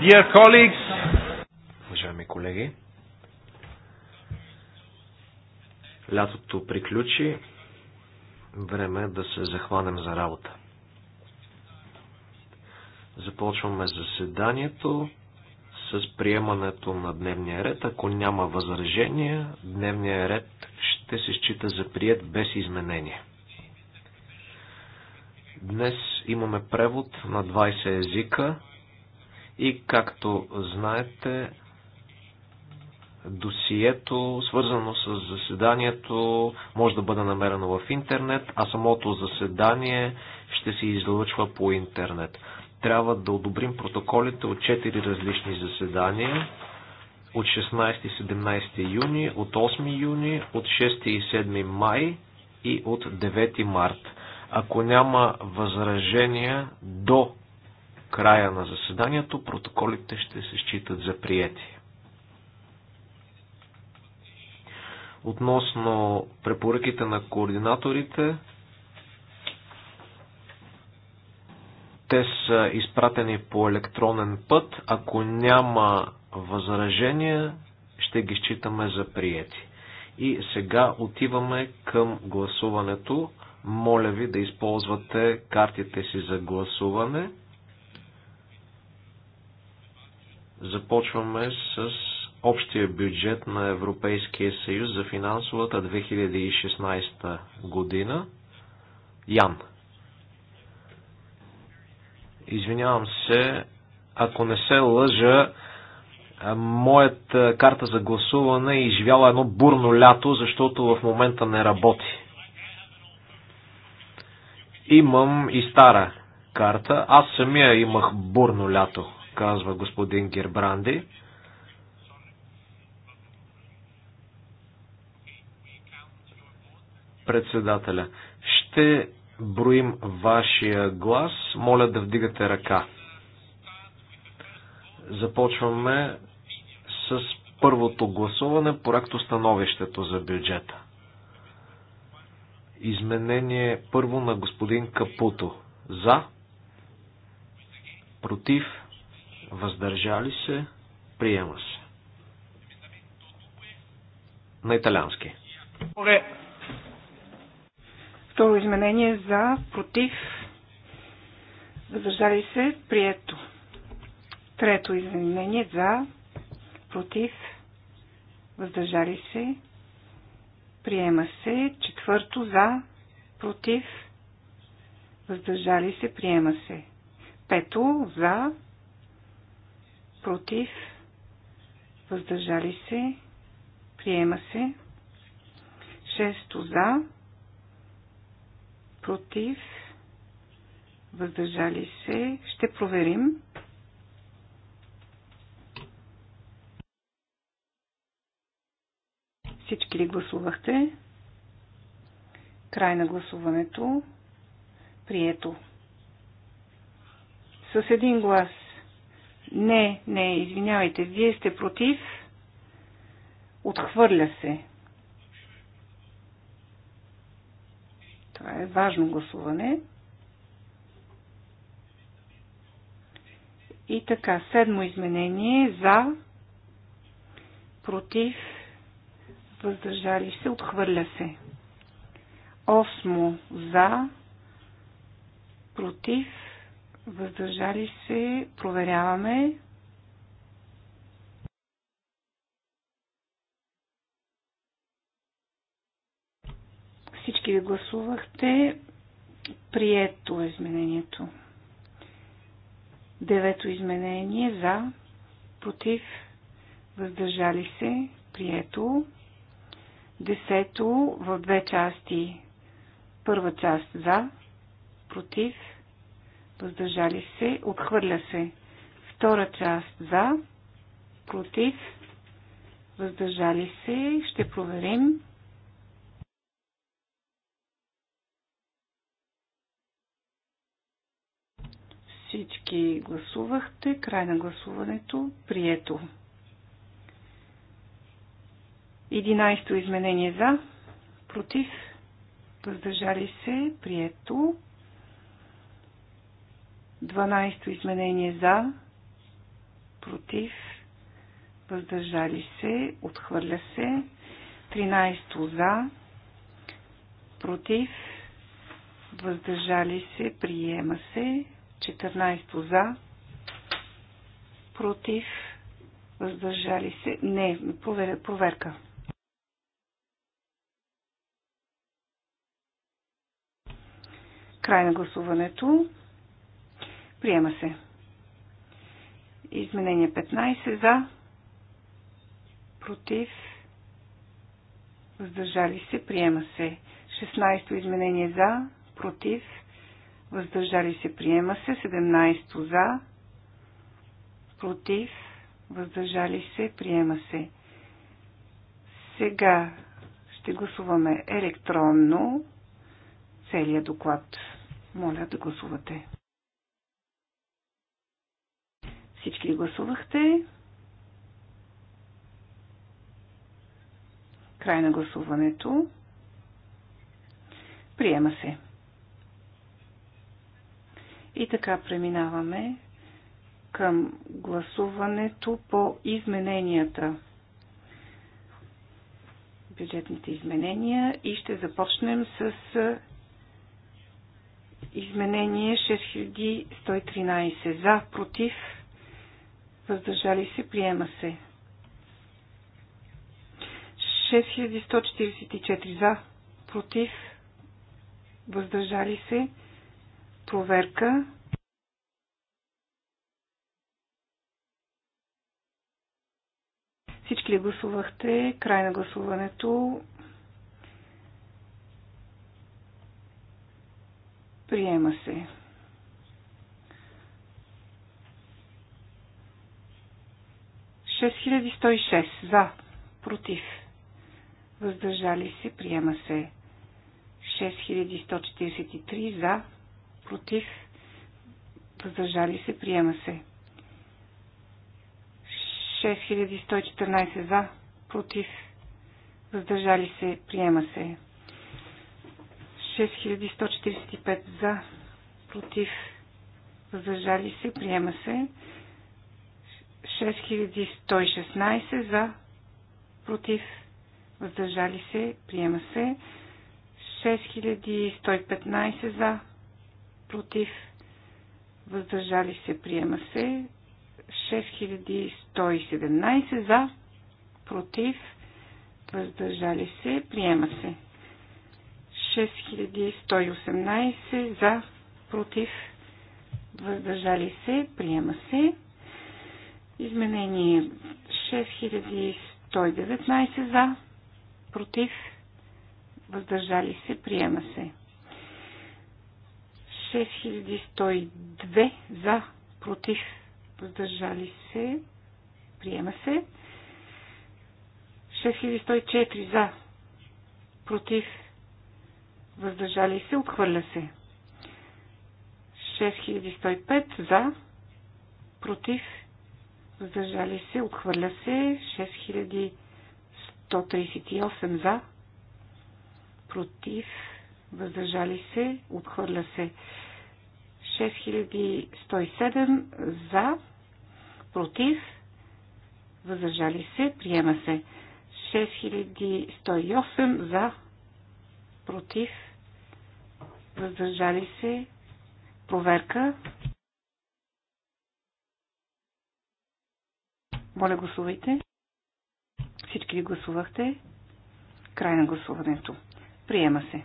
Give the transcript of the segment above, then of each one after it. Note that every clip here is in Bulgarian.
Dear colleagues, уважаеми колеги, лятото приключи, време е да се захванем за работа. Започваме заседанието с приемането на дневния ред. Ако няма възражения, дневния ред ще се счита за прият без изменения. Днес имаме превод на 20 езика и както знаете, досието, свързано с заседанието, може да бъде намерено в интернет, а самото заседание ще се излъчва по интернет. Трябва да одобрим протоколите от 4 различни заседания от 16 и 17 юни, от 8 юни, от 6 и 7 май и от 9 март. Ако няма възражения до края на заседанието, протоколите ще се считат за приети. Относно препоръките на координаторите, те са изпратени по електронен път. Ако няма възражения, ще ги считаме за приети. И сега отиваме към гласуването. Моля ви да използвате картите си за гласуване. Започваме с общия бюджет на Европейския съюз за финансовата 2016 година. Ян. Извинявам се, ако не се лъжа, моята карта за гласуване е изживяла едно бурно лято, защото в момента не работи. Имам и стара карта. Аз самия имах бурно лято, казва господин Гербранди. Председателя, ще броим вашия глас. Моля да вдигате ръка. Започваме с първото гласуване, проекто становището за бюджета. Изменение първо на господин Капуто. За, против, въздържали се, приема се. На италиански. Второ изменение за, против, въздържали се, прието. Трето изменение за, против, въздържали се, приема се. Четвърто за, против, въздържали се, приема се. Пето за, против, въздържали се, приема се. Шесто за, против, въздържали се, ще проверим. Всички ли гласувахте? Край на гласуването. Прието. С един глас. Не, не, извинявайте, вие сте против. Отхвърля се. Това е важно гласуване. И така, седмо изменение за, против, въздържали се, отхвърля се. Осмо за, против, въздържали се, проверяваме. Всички ви гласувахте. Прието е изменението. Девето изменение за, против, въздържали се, прието. Десето в две части. Първа част за, против, въздържали се, отхвърля се. Втора част за, против, въздържали се, ще проверим. Всички гласувахте. Край на гласуването. Прието. 11-то изменение за, против, въздържали се, прието. 12-то изменение за, против, въздържали се, отхвърля се. 13-то за, против, въздържали се, приема се. 14-то за, против, въздържали се. Не, проверка. Край на гласуването. Приема се. Изменение 15 за. Против. Въздържали се. Приема се. 16-то изменение за. Против. Въздържали се. Приема се. 17-то за. Против. Въздържали се. Приема се. Сега ще гласуваме електронно целият доклад. Моля да гласувате. Всички гласувахте. Край на гласуването. Приема се. И така преминаваме към гласуването по измененията. Бюджетните изменения и ще започнем с Изменение 6113. За, против, въздържали се, приема се. 6144 за, против, въздържали се, проверка. Всички ли гласувахте? Край на гласуването. Приема се. Шест За. Против. Въздържали се. Приема се. 6143 за, против, въздържали се, приема се. 6114 за, против, въздържали се, приема се. 6145 за, против, въздържали се, приема се. 6116 за, против, въздържали се, приема се. 6115 за, против, въздържали се, приема се. 6117 за, против, въздържали се, приема се. 6118 за, против, въздържали се, приема се. Изменение 6119 за, против, въздържали се, приема се. 6102 за, против, въздържали се, приема се. 6104 за, против, въздържали се, отхвърля се. 6105 за, против, въздържали се, отхвърля се. 6138 за, против, въздържали се, отхвърля се. 6107 за, против, въздържали се, приема се. 6108 за, против, въздържали се, проверка. Моля, гласувайте. Всички ли гласувахте? Край на гласуването. Приема се.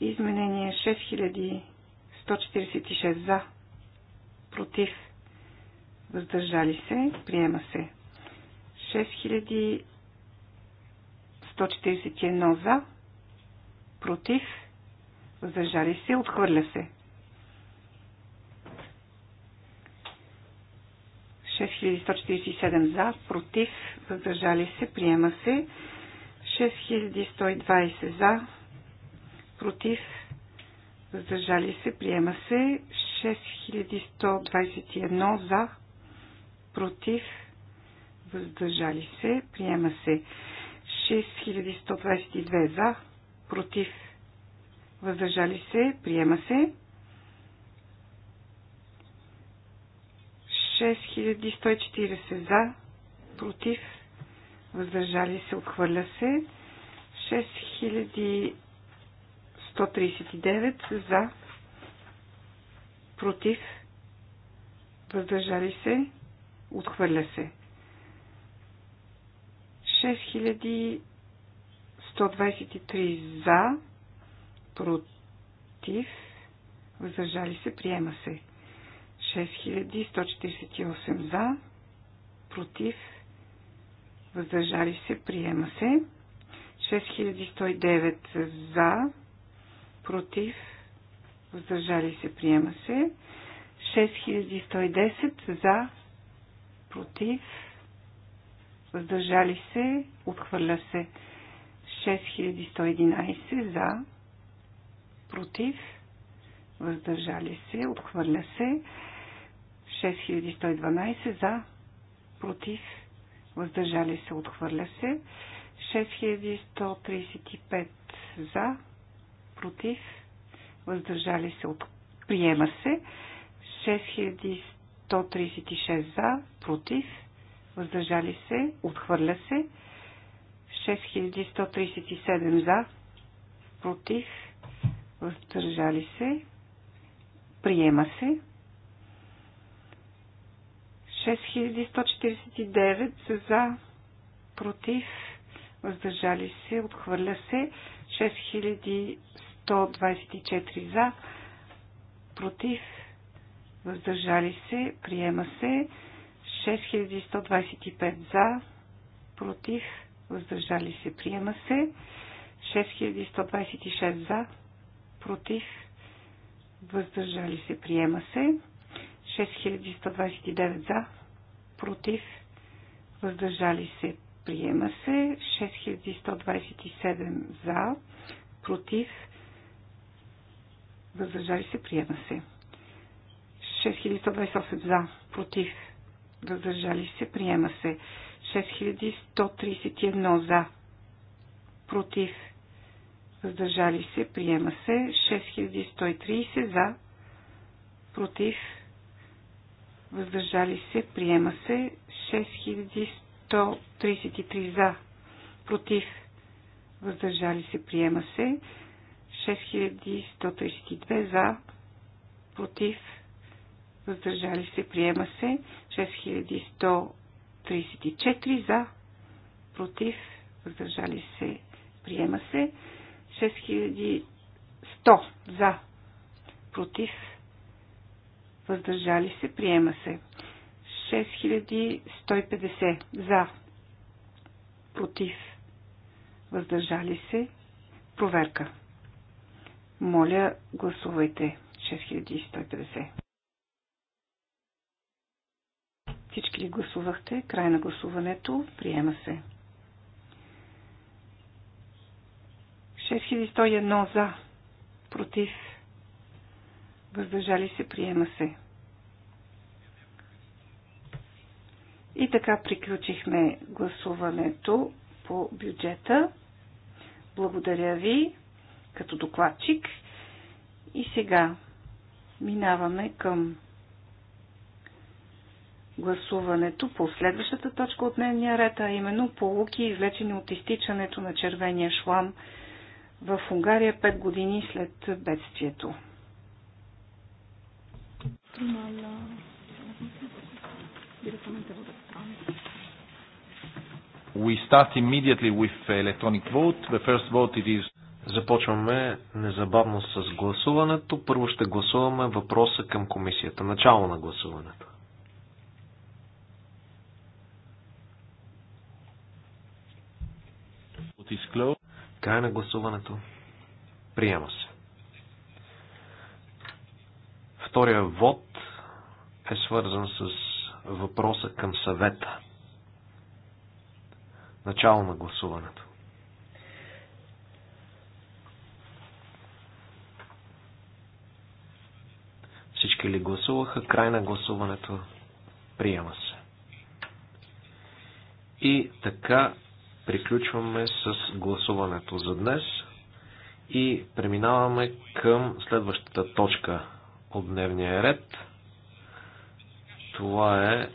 Изменение 6146 за. Против. Въздържали се. Приема се. 6141 за против, въздържали се, отхвърля се. 6147 за, против, въздържали се, приема се. 6120 за, против, въздържали се, приема се. 6121 за, против, въздържали се, приема се. 6122 за, против, въздържали се, приема се. 6140 за, против, въздържали се, отхвърля се. 6139 за, против, въздържали се, отхвърля се. 6000 123 за, против, въздържали се, приема се. 6148 за, против, въздържали се, приема се. 6109 за, против, въздържали се, приема се. 6110 за, против, въздържали се, отхвърля се. 6111 за, против, въздържали се, отхвърля се. 6112 за, против, въздържали се, отхвърля се. 6135 за, против, въздържали се, от... приема се. 6136 за, против, въздържали се, отхвърля се. 6137 за, против, въздържали се, приема се. 6149 за, против, въздържали се, отхвърля се. 6124 за, против, въздържали се, приема се. 6125 за, против, въздържали се, приема се. 6126 за, против, въздържали се, приема се. 6129 за, против, въздържали се, приема се. 6127 за, против, въздържали се, приема се. 6128 за, против, въздържали се, приема се. 6131 за. Против. Въздържали се. Приема се. 6130 за. Против. Въздържали се. Приема се. 6133 за. Против. Въздържали се. Приема се. 6132 за. Против. Въздържали се. Приема се. 6100 34 за, против, въздържали се, приема се. 6100 за, против, въздържали се, приема се. 6150 за, против, въздържали се, проверка. Моля, гласувайте 6150. Всички ли гласувахте? Край на гласуването. Приема се. 6101 за. Против. Въздържали се. Приема се. И така приключихме гласуването по бюджета. Благодаря ви като докладчик. И сега минаваме към гласуването по следващата точка от дневния ред, а именно полуки, излечени от изтичането на червения шлам в Унгария 5 години след бедствието. We start immediately with electronic vote. The first vote it is Започваме незабавно с гласуването. Първо ще гласуваме въпроса към комисията. Начало на гласуването. Край на гласуването. Приема се. Втория вод е свързан с въпроса към съвета. Начало на гласуването. Всички ли гласуваха? Край на гласуването. Приема се. И така приключваме с гласуването за днес и преминаваме към следващата точка от дневния ред. Това е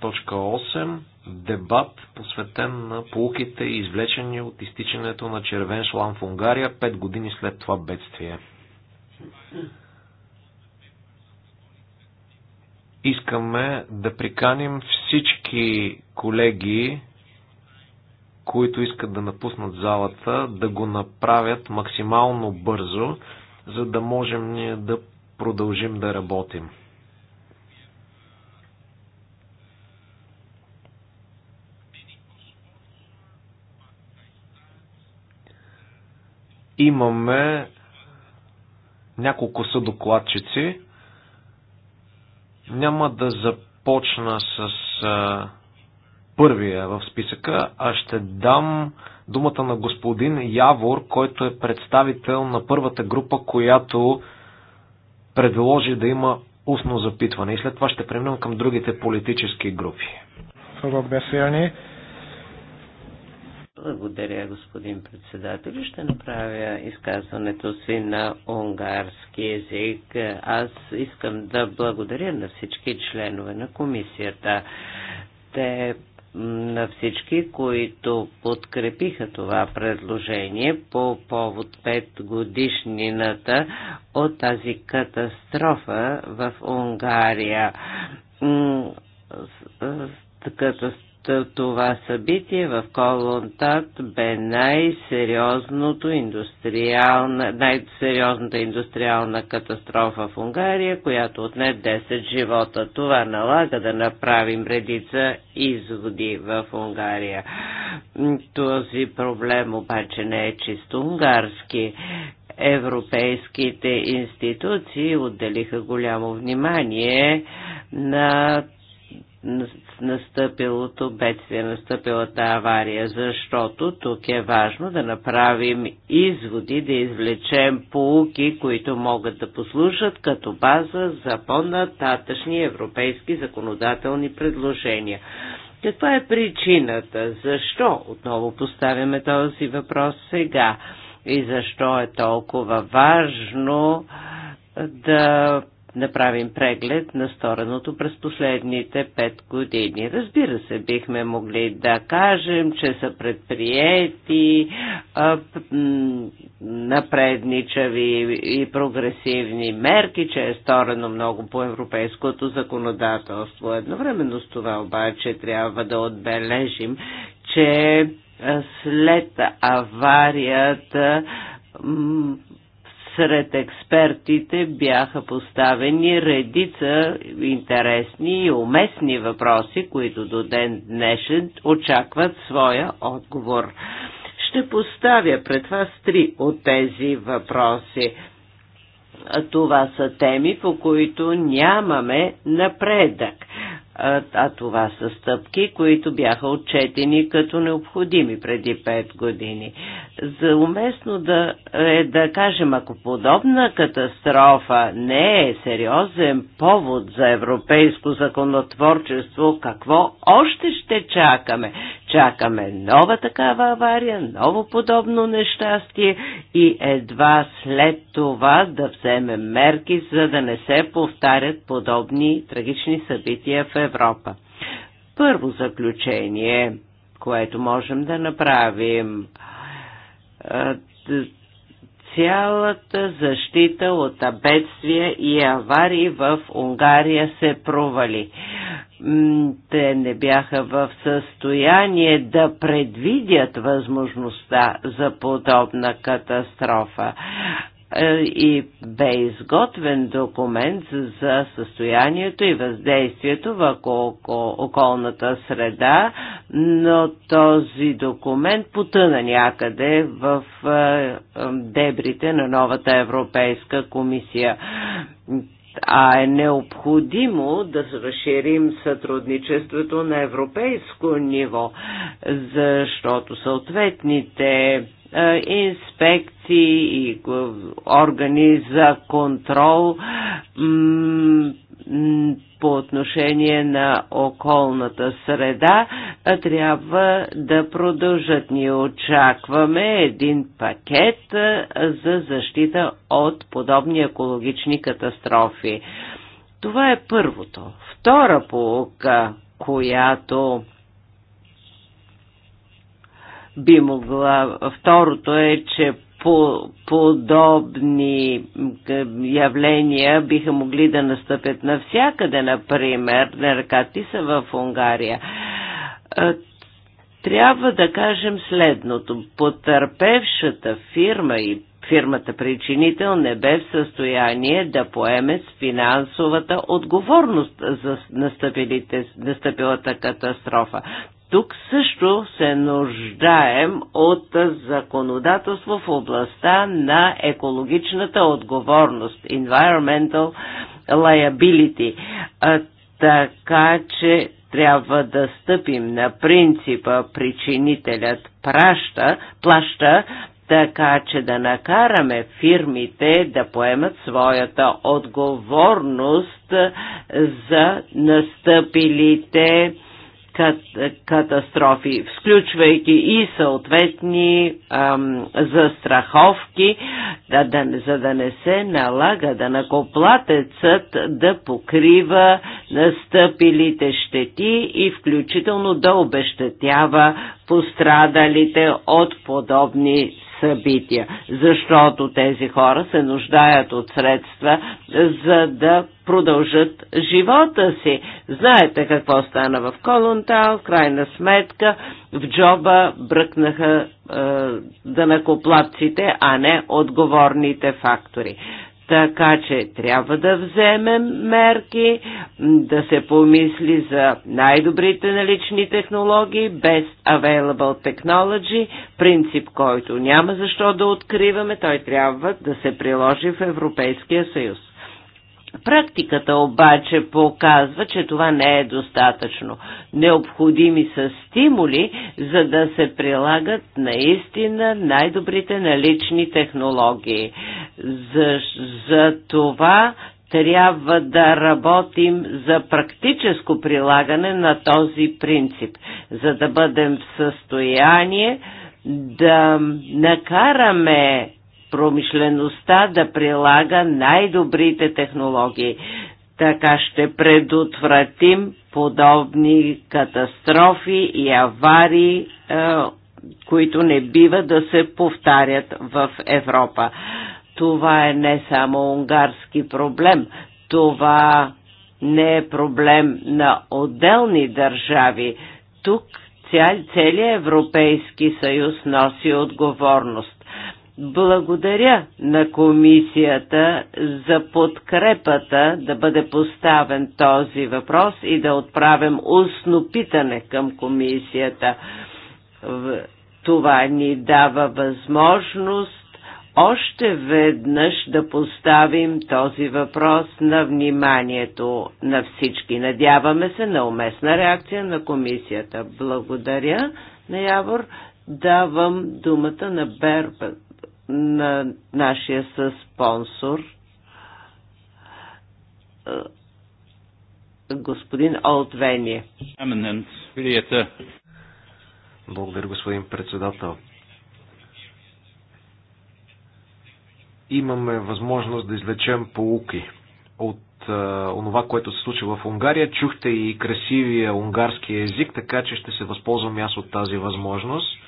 точка 8. Дебат, посветен на полуките, извлечени от изтичането на червен шлам в Унгария 5 години след това бедствие. Искаме да приканим всички колеги, които искат да напуснат залата, да го направят максимално бързо, за да можем ние да продължим да работим. Имаме няколко съдокладчици. Няма да започна с първия в списъка, а ще дам думата на господин Явор, който е представител на първата група, която предложи да има устно запитване. И след това ще преминем към другите политически групи. Благодаря, господин председател. Ще направя изказването си на унгарски язик. Аз искам да благодаря на всички членове на комисията. Те на всички, които подкрепиха това предложение по повод 5 годишнината от тази катастрофа в Унгария. Катастрофа това събитие в Колонтат бе най-сериозното индустриална, най-сериозната индустриална катастрофа в Унгария, която отне 10 живота. Това налага да направим редица изводи в Унгария. Този проблем обаче не е чисто унгарски европейските институции отделиха голямо внимание на настъпилото бедствие, настъпилата авария, защото тук е важно да направим изводи, да извлечем полуки, които могат да послужат като база за по-нататъчни европейски законодателни предложения. Каква е причината? Защо отново поставяме този въпрос сега? И защо е толкова важно да направим преглед на стореното през последните пет години. Разбира се, бихме могли да кажем, че са предприети напредничави и прогресивни мерки, че е сторено много по европейското законодателство. Едновременно с това обаче трябва да отбележим, че след аварията сред експертите бяха поставени редица интересни и уместни въпроси, които до ден днешен очакват своя отговор. Ще поставя пред вас три от тези въпроси. Това са теми, по които нямаме напредък а, а това са стъпки, които бяха отчетени като необходими преди 5 години. За уместно да, е да кажем, ако подобна катастрофа не е сериозен повод за европейско законотворчество, какво още ще чакаме? Чакаме нова такава авария, ново подобно нещастие и едва след това да вземем мерки, за да не се повтарят подобни трагични събития в Европа. Европа. Първо заключение, което можем да направим цялата защита от бедствия и аварии в Унгария се провали. Те не бяха в състояние да предвидят възможността за подобна катастрофа. Е, и бе изготвен документ за състоянието и въздействието в околната среда, но този документ потъна някъде в е, дебрите на новата Европейска комисия а е необходимо да разширим сътрудничеството на европейско ниво, защото съответните е, инспекции и органи за контрол по отношение на околната среда е, трябва да продължат. Ние очакваме един пакет е, за защита от подобни екологични катастрофи. Това е първото. Втора полука, която би могла. Второто е, че по, подобни е, явления биха могли да настъпят навсякъде, например, на река Тиса в Унгария. Е, трябва да кажем следното. Потърпевшата фирма и фирмата причинител не бе в състояние да поеме с финансовата отговорност за настъпилата катастрофа тук също се нуждаем от законодателство в областта на екологичната отговорност, environmental liability. А, така че трябва да стъпим на принципа причинителят праща, плаща, така че да накараме фирмите да поемат своята отговорност за настъпилите катастрофи, включвайки и съответни ам, застраховки, да, да, за да не се налага да накоплатецът да покрива настъпилите щети и включително да обещетява пострадалите от подобни събития, защото тези хора се нуждаят от средства, за да продължат живота си. Знаете какво стана в Колонтал, в крайна сметка в джоба бръкнаха е, данакоплатците, а не отговорните фактори. Така че трябва да вземем мерки, да се помисли за най-добрите налични технологии, без available technology, принцип, който няма защо да откриваме, той трябва да се приложи в Европейския съюз. Практиката обаче показва, че това не е достатъчно. Необходими са стимули, за да се прилагат наистина най-добрите налични технологии. За, за това трябва да работим за практическо прилагане на този принцип, за да бъдем в състояние да накараме промишлеността да прилага най-добрите технологии. Така ще предотвратим подобни катастрофи и аварии, е, които не бива да се повтарят в Европа. Това е не само унгарски проблем, това не е проблем на отделни държави. Тук цял, целият Европейски съюз носи отговорност. Благодаря на комисията за подкрепата да бъде поставен този въпрос и да отправим устно питане към комисията. Това ни дава възможност още веднъж да поставим този въпрос на вниманието на всички. Надяваме се на уместна реакция на комисията. Благодаря на Явор. Давам думата на Бербът на нашия със спонсор е, господин Олтвение. Благодаря, господин председател. Имаме възможност да излечем поуки от е, онова, което се случи в Унгария. Чухте и красивия унгарски език, така че ще се възползвам аз от тази възможност.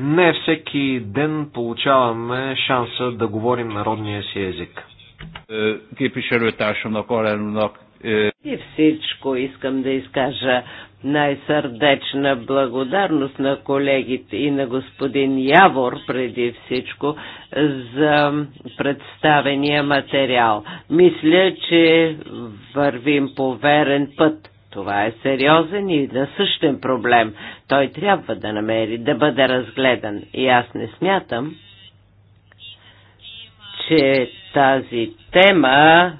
Не всеки ден получаваме шанса да говорим народния си език. Е, е, и всичко искам да изкажа най-сърдечна благодарност на колегите и на господин Явор преди всичко за представения материал. Мисля, че вървим по верен път това е сериозен и насъщен проблем. Той трябва да намери, да бъде разгледан. И аз не смятам, че тази тема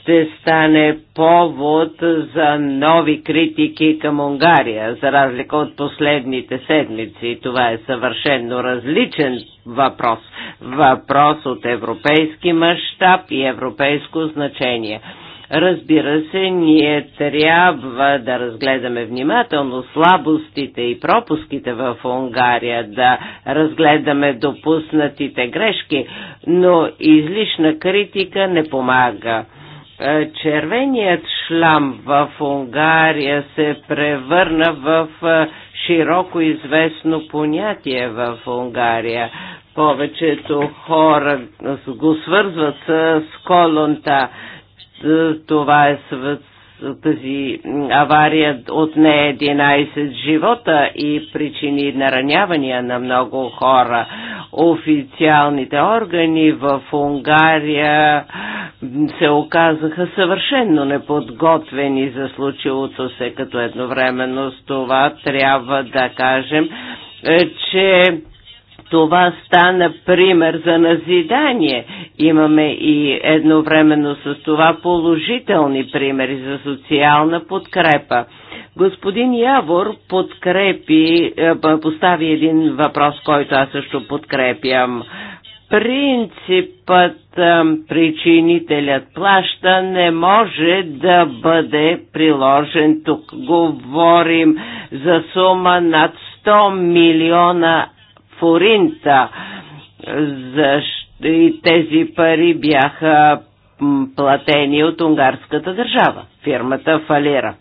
ще стане повод за нови критики към Унгария, за разлика от последните седмици. Това е съвършенно различен въпрос. Въпрос от европейски мащаб и европейско значение. Разбира се, ние трябва да разгледаме внимателно слабостите и пропуските в Унгария, да разгледаме допуснатите грешки, но излишна критика не помага е, червеният шлам в Унгария се превърна в е, широко известно понятие в Унгария. Повечето хора го свързват с колонта това е тази авария отне 11 живота и причини наранявания на много хора. Официалните органи в Унгария се оказаха съвършенно неподготвени за случилото се, като едновременно с това трябва да кажем, е, че това стана пример за назидание. Имаме и едновременно с това положителни примери за социална подкрепа. Господин Явор подкрепи, е, постави един въпрос, който аз също подкрепям. Принципът е, причинителят плаща не може да бъде приложен тук. Говорим за сума над 100 милиона Поринта. Защо и тези пари бяха платени от унгарската държава. Фирмата фалира.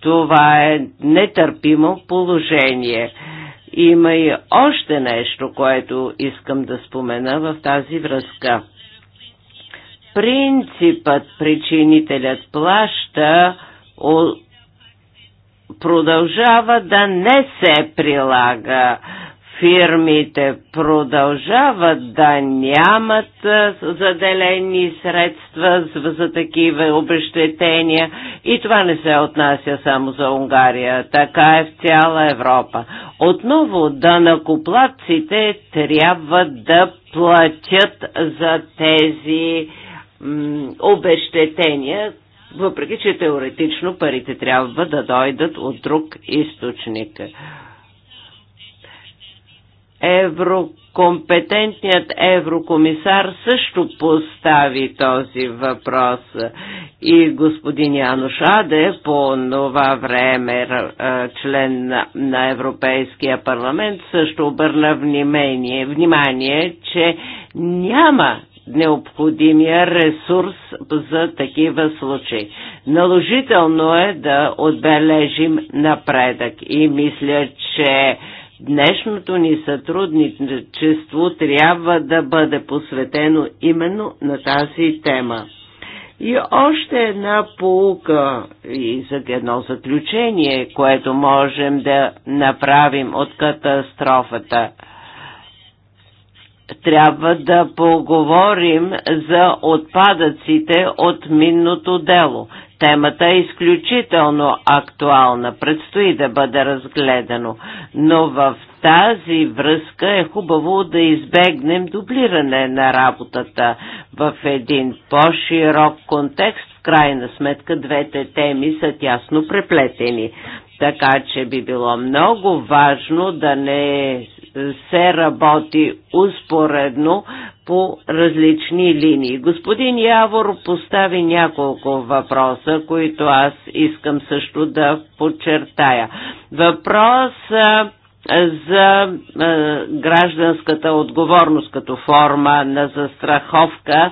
Това е нетърпимо положение. Има и още нещо, което искам да спомена в тази връзка. Принципът причинителят плаща продължава да не се прилага фирмите продължават да нямат заделени средства за такива обещетения и това не се отнася само за Унгария, така е в цяла Европа. Отново данакоплатците трябва да платят за тези обещетения, въпреки че теоретично парите трябва да дойдат от друг източник. Еврокомпетентният еврокомисар също постави този въпрос и господин Януш Аде по това време член на Европейския парламент също обърна внимание, внимание че няма необходимия ресурс за такива случаи. Наложително е да отбележим напредък и мисля, че Днешното ни сътрудничество трябва да бъде посветено именно на тази тема. И още една полука и за едно заключение, което можем да направим от катастрофата. Трябва да поговорим за отпадъците от минното дело. Темата е изключително актуална, предстои да бъде разгледано, но в тази връзка е хубаво да избегнем дублиране на работата в един по-широк контекст. В крайна сметка двете теми са тясно преплетени. Така че би било много важно да не се работи успоредно по различни линии. Господин Явор постави няколко въпроса, които аз искам също да подчертая. Въпрос за гражданската отговорност като форма на застраховка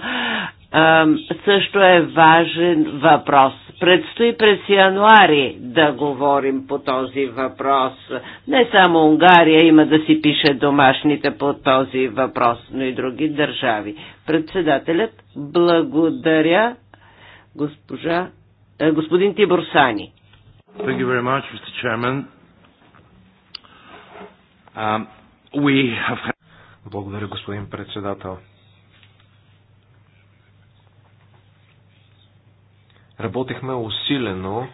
също е важен въпрос. Предстои през януари да говорим по този въпрос. Не само Унгария има да си пише домашните по този въпрос, но и други държави. Председателят, благодаря госпожа, э, господин Тибор Сани. Thank you very much, Mr. Chairman. Um, we have... Благодаря, господин председател. Работихме усилено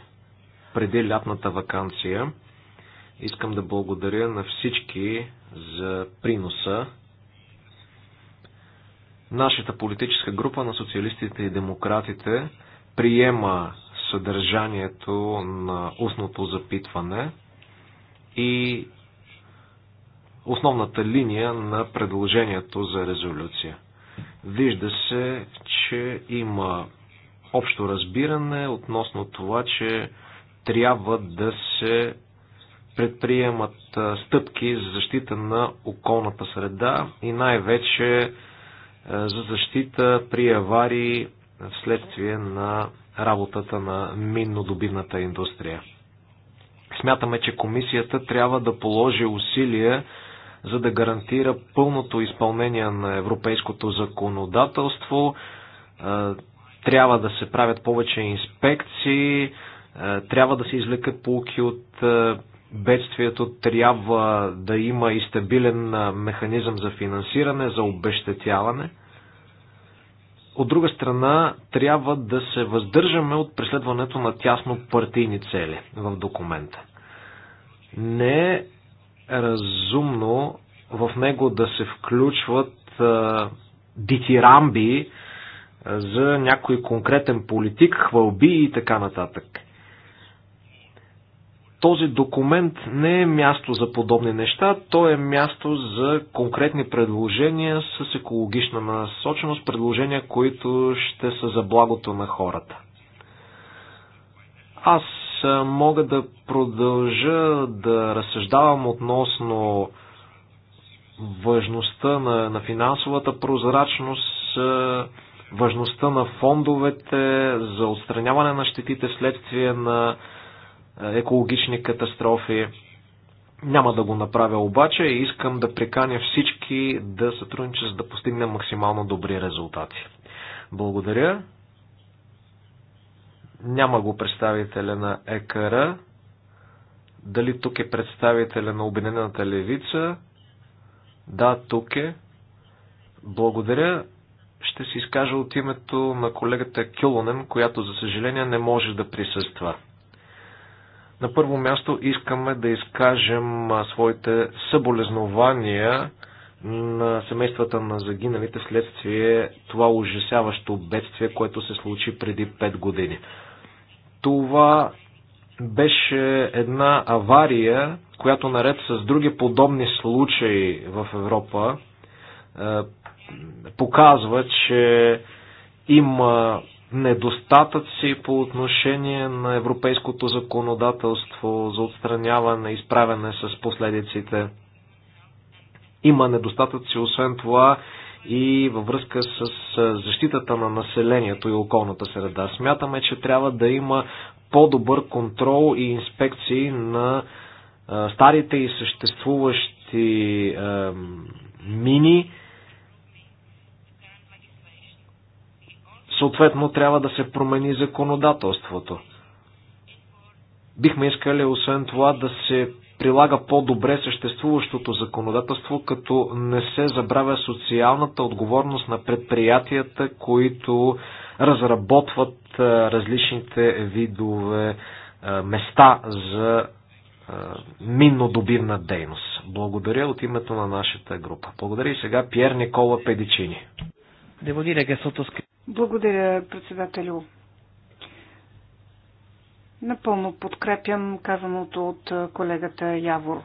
преди лятната вакансия. Искам да благодаря на всички за приноса. Нашата политическа група на социалистите и демократите приема съдържанието на устното запитване и основната линия на предложението за резолюция. Вижда се, че има общо разбиране относно това, че трябва да се предприемат стъпки за защита на околната среда и най-вече за защита при аварии вследствие на работата на миннодобивната индустрия. Смятаме, че комисията трябва да положи усилия за да гарантира пълното изпълнение на европейското законодателство, трябва да се правят повече инспекции, е, трябва да се извлекат полки от е, бедствието, трябва да има и стабилен е, механизъм за финансиране, за обещетяване. От друга страна, трябва да се въздържаме от преследването на тясно партийни цели в документа. Не е разумно в него да се включват а, дитирамби за някой конкретен политик, хвалби и така нататък. Този документ не е място за подобни неща, то е място за конкретни предложения с екологична насоченост, предложения, които ще са за благото на хората. Аз мога да продължа да разсъждавам относно важността на, на финансовата прозрачност, важността на фондовете за отстраняване на щетите вследствие на е, екологични катастрофи. Няма да го направя обаче и искам да преканя всички да сътрудничат, за да постигнем максимално добри резултати. Благодаря. Няма го представителя на ЕКР. Дали тук е представителя на Обединената левица? Да, тук е. Благодаря ще се изкажа от името на колегата Кюлонен, която за съжаление не може да присъства. На първо място искаме да изкажем своите съболезнования на семействата на загиналите вследствие това ужасяващо бедствие, което се случи преди 5 години. Това беше една авария, която наред с други подобни случаи в Европа показва, че има недостатъци по отношение на европейското законодателство за отстраняване и справяне с последиците. Има недостатъци, освен това, и във връзка с защитата на населението и околната среда. Смятаме, че трябва да има по-добър контрол и инспекции на старите и съществуващи мини, Съответно, трябва да се промени законодателството. Бихме искали, освен това, да се прилага по-добре съществуващото законодателство, като не се забравя социалната отговорност на предприятията, които разработват различните видове места за миннодобивна дейност. Благодаря от името на нашата група. Благодаря и сега Пьер Никола Педичини. Devo dire che sottoscritto благодаря, председателю. Напълно подкрепям казаното от колегата Явор.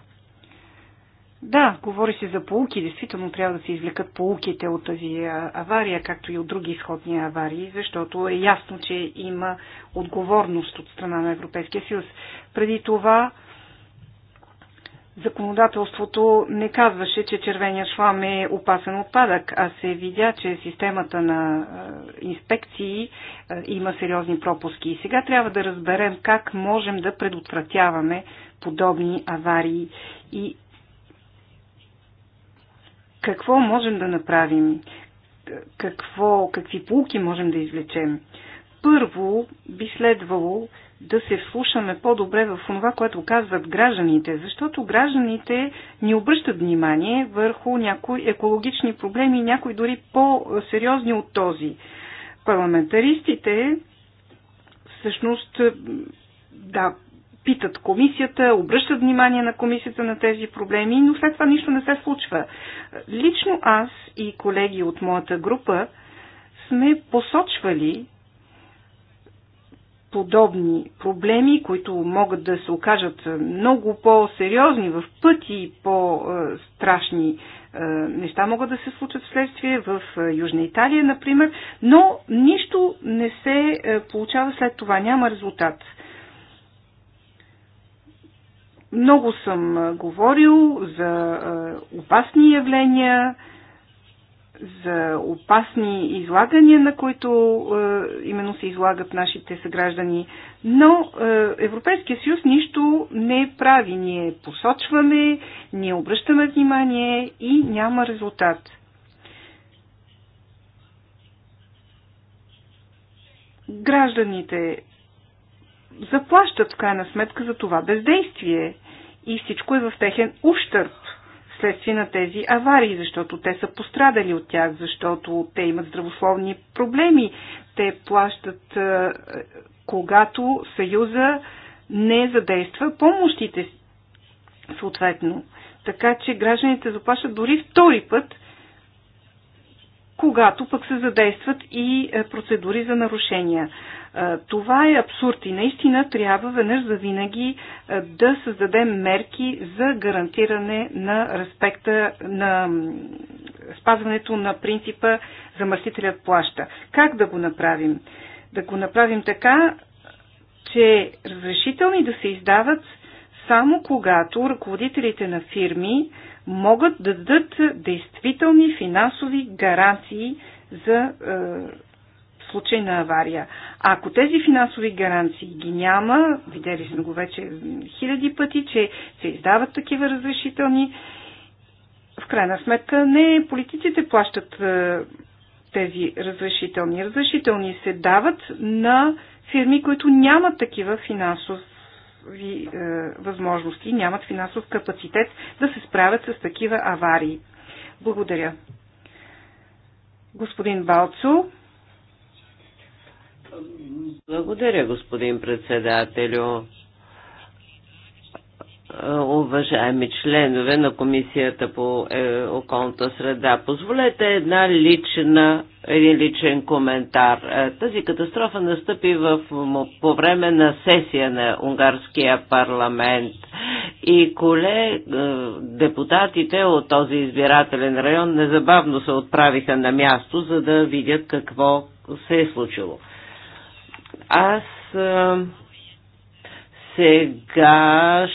Да, говори се за полуки. Действително трябва да се извлекат полуките от тази авария, както и от други изходни аварии, защото е ясно, че има отговорност от страна на Европейския съюз. Преди това законодателството не казваше, че червения шлам е опасен отпадък, а се видя, че системата на е, инспекции е, има сериозни пропуски. И сега трябва да разберем как можем да предотвратяваме подобни аварии и какво можем да направим, какво, какви полуки можем да извлечем. Първо би следвало да се вслушаме по-добре в това, което казват гражданите, защото гражданите ни обръщат внимание върху някои екологични проблеми, някои дори по-сериозни от този. Парламентаристите всъщност да, питат комисията, обръщат внимание на комисията на тези проблеми, но след това нищо не се случва. Лично аз и колеги от моята група сме посочвали подобни проблеми, които могат да се окажат много по-сериозни, в пъти по-страшни е, неща могат да се случат вследствие в е, Южна Италия, например, но нищо не се е, получава след това, няма резултат. Много съм говорил за опасни явления, за опасни излагания, на които е, именно се излагат нашите съграждани. Но е, Европейския съюз нищо не прави. Ние посочваме, ние обръщаме внимание и няма резултат. Гражданите заплащат в крайна сметка за това бездействие и всичко е в техен ущърп вследствие на тези аварии, защото те са пострадали от тях, защото те имат здравословни проблеми. Те плащат, е, когато Съюза не задейства помощите съответно. Така че гражданите заплащат дори втори път, когато пък се задействат и е, процедури за нарушения. Това е абсурд и наистина трябва веднъж за винаги да създадем мерки за гарантиране на респекта, на спазването на принципа замърсителят плаща. Как да го направим? Да го направим така, че разрешителни да се издават само когато ръководителите на фирми могат да дадат действителни финансови гаранции за е, случай на авария. А ако тези финансови гаранции ги няма, видели сме го вече хиляди пъти, че се издават такива разрешителни, в крайна сметка не политиците плащат е, тези разрешителни. Разрешителни се дават на фирми, които нямат такива финансови е, възможности, нямат финансов капацитет да се справят с такива аварии. Благодаря. Господин Балцо, благодаря, господин председателю. Уважаеми членове на Комисията по е, околната среда, позволете една лична, един личен коментар. Е, тази катастрофа настъпи в, по време на сесия на Унгарския парламент и коле е, депутатите от този избирателен район незабавно се отправиха на място, за да видят какво се е случило. Аз сега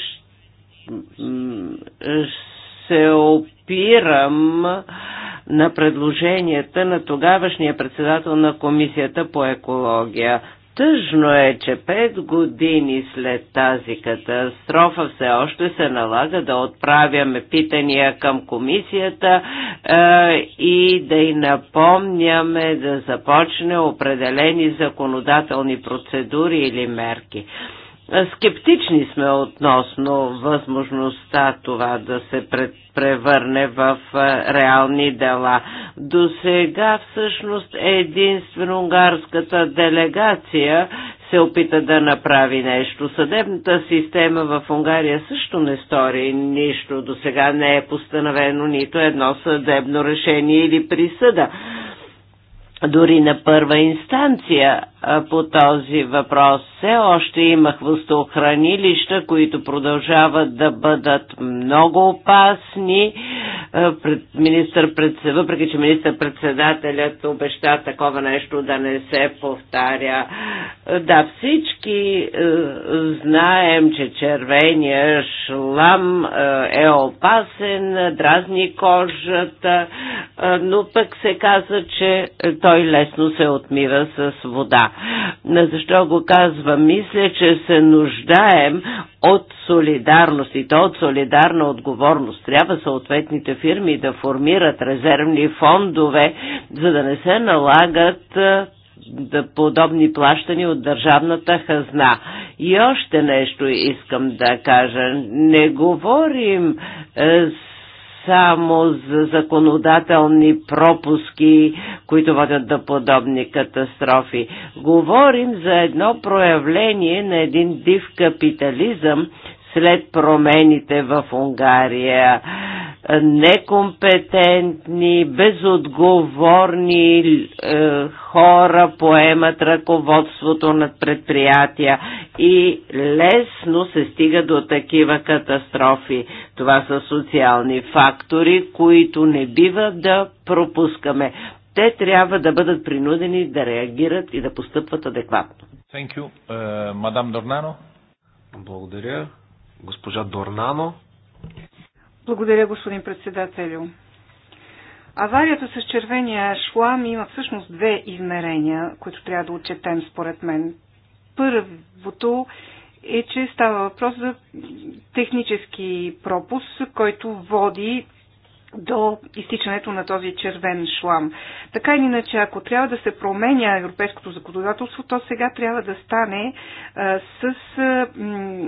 се опирам на предложенията на тогавашния председател на Комисията по екология. Тъжно е, че пет години след тази катастрофа все още се налага да отправяме питания към комисията е, и да й напомняме да започне определени законодателни процедури или мерки. Скептични сме относно възможността това да се пред, превърне в реални дела. До сега всъщност единствено унгарската делегация се опита да направи нещо. Съдебната система в Унгария също не стори нищо. До сега не е постановено нито едно съдебно решение или присъда дори на първа инстанция, по този въпрос. Все още има хвостохранилища, които продължават да бъдат много опасни. въпреки, че министър-председателят обеща такова нещо да не се повтаря. Да, всички знаем, че червения шлам е опасен, дразни кожата, но пък се каза, че той лесно се отмива с вода. Защо го казвам? Мисля, че се нуждаем от солидарност и то от солидарна отговорност. Трябва съответните фирми да формират резервни фондове, за да не се налагат подобни плащани от държавната хазна. И още нещо искам да кажа. Не говорим е, само за законодателни пропуски, които водят до подобни катастрофи. Говорим за едно проявление на един див капитализъм, след промените в Унгария. Некомпетентни, безотговорни е, хора поемат ръководството над предприятия и лесно се стига до такива катастрофи. Това са социални фактори, които не бива да пропускаме. Те трябва да бъдат принудени да реагират и да постъпват адекватно. Thank you. Uh, Благодаря. Госпожа Дорнано. Благодаря, господин председателю. Аварията с червения шлам има всъщност две измерения, които трябва да отчетем според мен. Първото е, че става въпрос за технически пропуск, който води до изтичането на този червен шлам. Така или иначе, ако трябва да се променя европейското законодателство, то сега трябва да стане а, с а, м,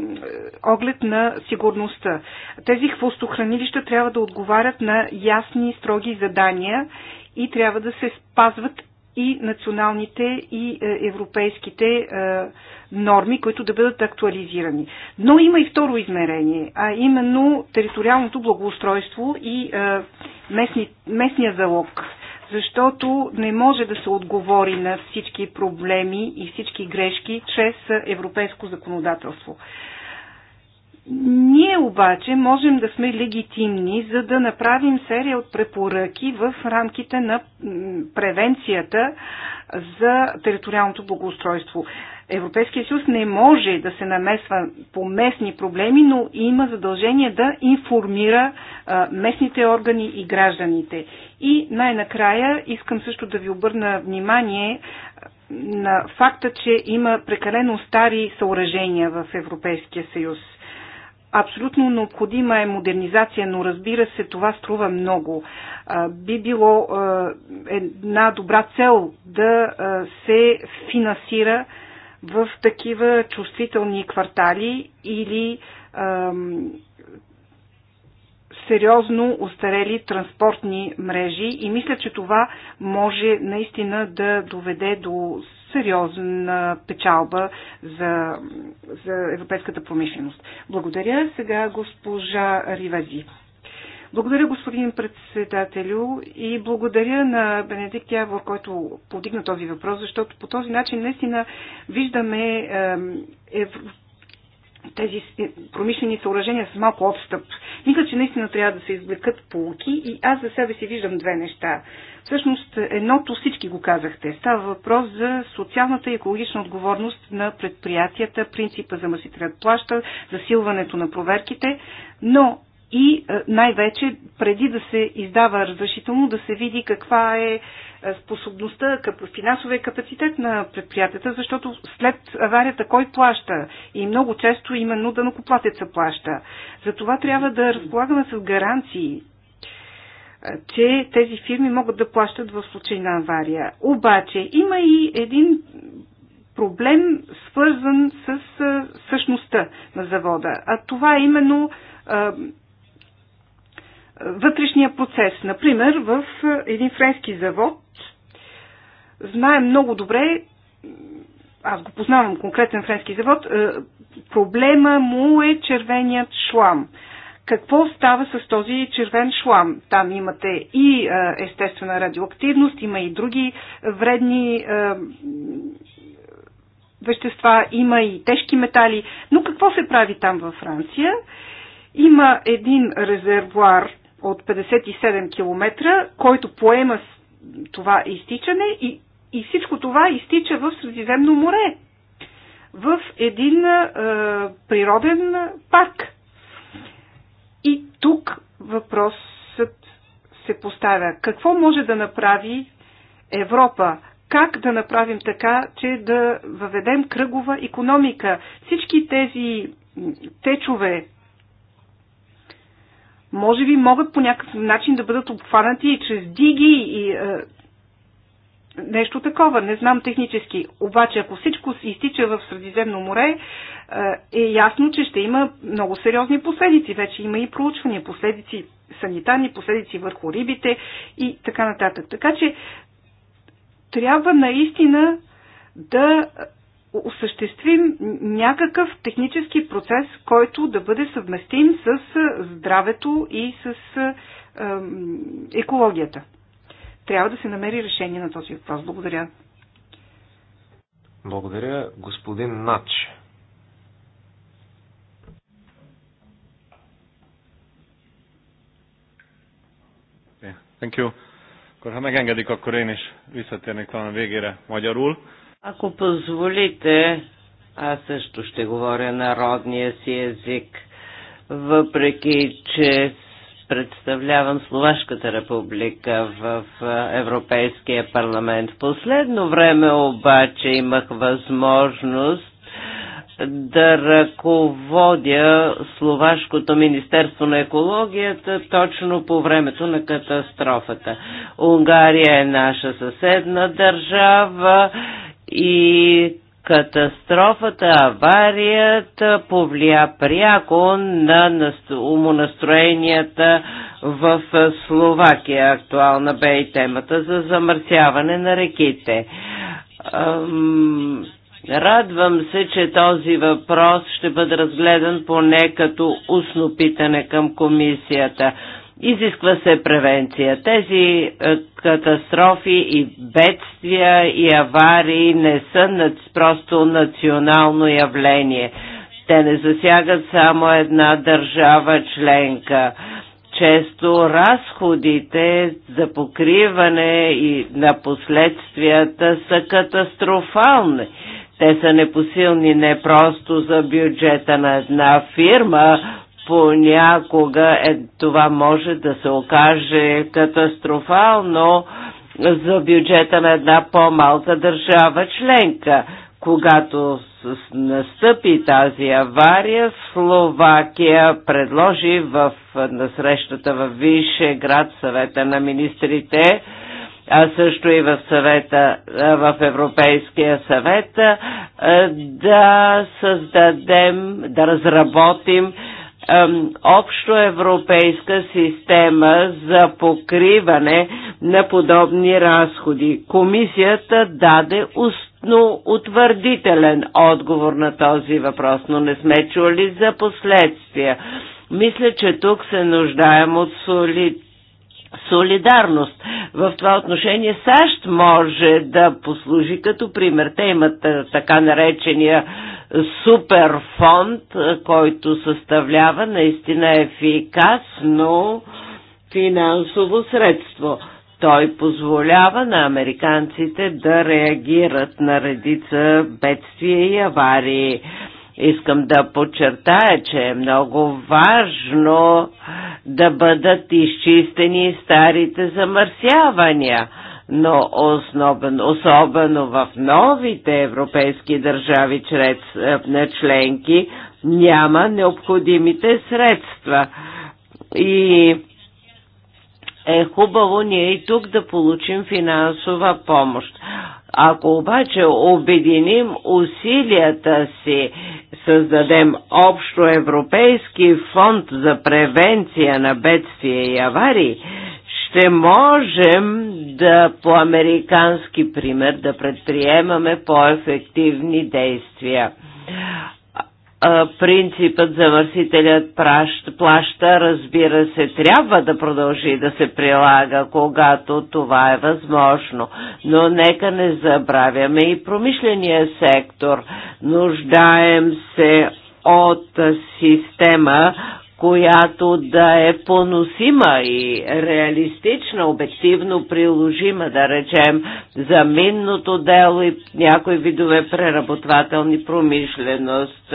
оглед на сигурността. Тези хвостохранилища трябва да отговарят на ясни, строги задания и трябва да се спазват и националните и е, европейските е, норми, които да бъдат актуализирани. Но има и второ измерение, а именно териториалното благоустройство и е, местни, местния залог защото не може да се отговори на всички проблеми и всички грешки чрез европейско законодателство. Ние обаче можем да сме легитимни, за да направим серия от препоръки в рамките на превенцията за териториалното благоустройство. Европейския съюз не може да се намесва по местни проблеми, но има задължение да информира местните органи и гражданите. И най-накрая искам също да ви обърна внимание на факта, че има прекалено стари съоръжения в Европейския съюз – Абсолютно необходима е модернизация, но разбира се, това струва много. Би било една добра цел да се финансира в такива чувствителни квартали или сериозно устарели транспортни мрежи и мисля, че това може наистина да доведе до сериозна печалба за, за европейската промишленост. Благодаря. Сега госпожа Ривази. Благодаря, господин председателю, и благодаря на Бенедикт Явор, който подигна този въпрос, защото по този начин наистина виждаме тези промишлени съоръжения с малко отстъп. Мисля, че наистина трябва да се извлекат полуки и аз за себе си виждам две неща. Всъщност, едното всички го казахте. Става въпрос за социалната и екологична отговорност на предприятията, принципа за мъсителят плаща, засилването на проверките, но и е, най-вече преди да се издава разрешително да се види каква е е, способността, финансовия капацитет на предприятията, защото след аварията кой плаща? И много често именно данокоплатеца плаща. Затова трябва да разполагаме с гаранции, е, че тези фирми могат да плащат в случай на авария. Обаче има и един проблем, свързан с е, същността на завода. А това е именно вътрешния процес. Например, в е, един френски завод знае много добре, аз го познавам конкретен френски завод, е, проблема му е червеният шлам. Какво става с този червен шлам? Там имате и е, естествена радиоактивност, има и други вредни вещества, има и тежки метали. Но какво се прави там във Франция? Има един резервуар от 57 км, който поема това изтичане и, и всичко това изтича в Средиземно море, в един е, природен парк. И тук въпросът се поставя. Какво може да направи Европа? Как да направим така, че да въведем кръгова економика? Всички тези течове, може би могат по някакъв начин да бъдат обхванати и чрез диги и е, нещо такова. Не знам технически. Обаче, ако всичко се изтича в Средиземно море, е, е ясно, че ще има много сериозни последици. Вече има и проучвания, последици санитарни, последици върху рибите и така нататък. Така че трябва наистина да осъществим някакъв технически процес, който да бъде съвместим с е, здравето и с е, е, екологията. Трябва да се намери решение на този въпрос. Благодаря. Благодаря, господин Нач. Thank you. Akkor ha megengedik, akkor én is visszatérnék talán végére magyarul. Ако позволите, аз също ще говоря народния си език, въпреки че представлявам Словашката република в Европейския парламент. В последно време обаче имах възможност да ръководя Словашкото Министерство на екологията точно по времето на катастрофата. Унгария е наша съседна държава и катастрофата, аварията повлия пряко на умонастроенията в Словакия. Актуална бе и темата за замърсяване на реките. Радвам се, че този въпрос ще бъде разгледан поне като устно питане към комисията. Изисква се превенция. Тези е, катастрофи и бедствия и аварии не са просто национално явление. Те не засягат само една държава членка. Често разходите за покриване и на последствията са катастрофални. Те са непосилни не просто за бюджета на една фирма, понякога е, това може да се окаже катастрофално за бюджета на една по-малка държава членка. Когато настъпи тази авария, Словакия предложи в, на срещата в Вишеград съвета на министрите а също и в съвета, в Европейския съвет, да създадем, да разработим общоевропейска система за покриване на подобни разходи. Комисията даде устно утвърдителен отговор на този въпрос, но не сме чули за последствия. Мисля, че тук се нуждаем от солид солидарност. В това отношение САЩ може да послужи като пример. Те имат така наречения суперфонд, който съставлява наистина ефикасно финансово средство. Той позволява на американците да реагират на редица бедствия и аварии. Искам да подчертая, че е много важно да бъдат изчистени старите замърсявания – но основен, особено в новите европейски държави чрез, е, на членки няма необходимите средства. И е хубаво ние и тук да получим финансова помощ. Ако обаче обединим усилията си, създадем общо европейски фонд за превенция на бедствия и аварии, ще можем да по американски пример да предприемаме по-ефективни действия. Принципът замърсителят плаща, разбира се, трябва да продължи да се прилага, когато това е възможно. Но нека не забравяме и промишления сектор. Нуждаем се от система, която да е поносима и реалистична, обективно приложима, да речем, за минното дело и някои видове преработвателни промишленост.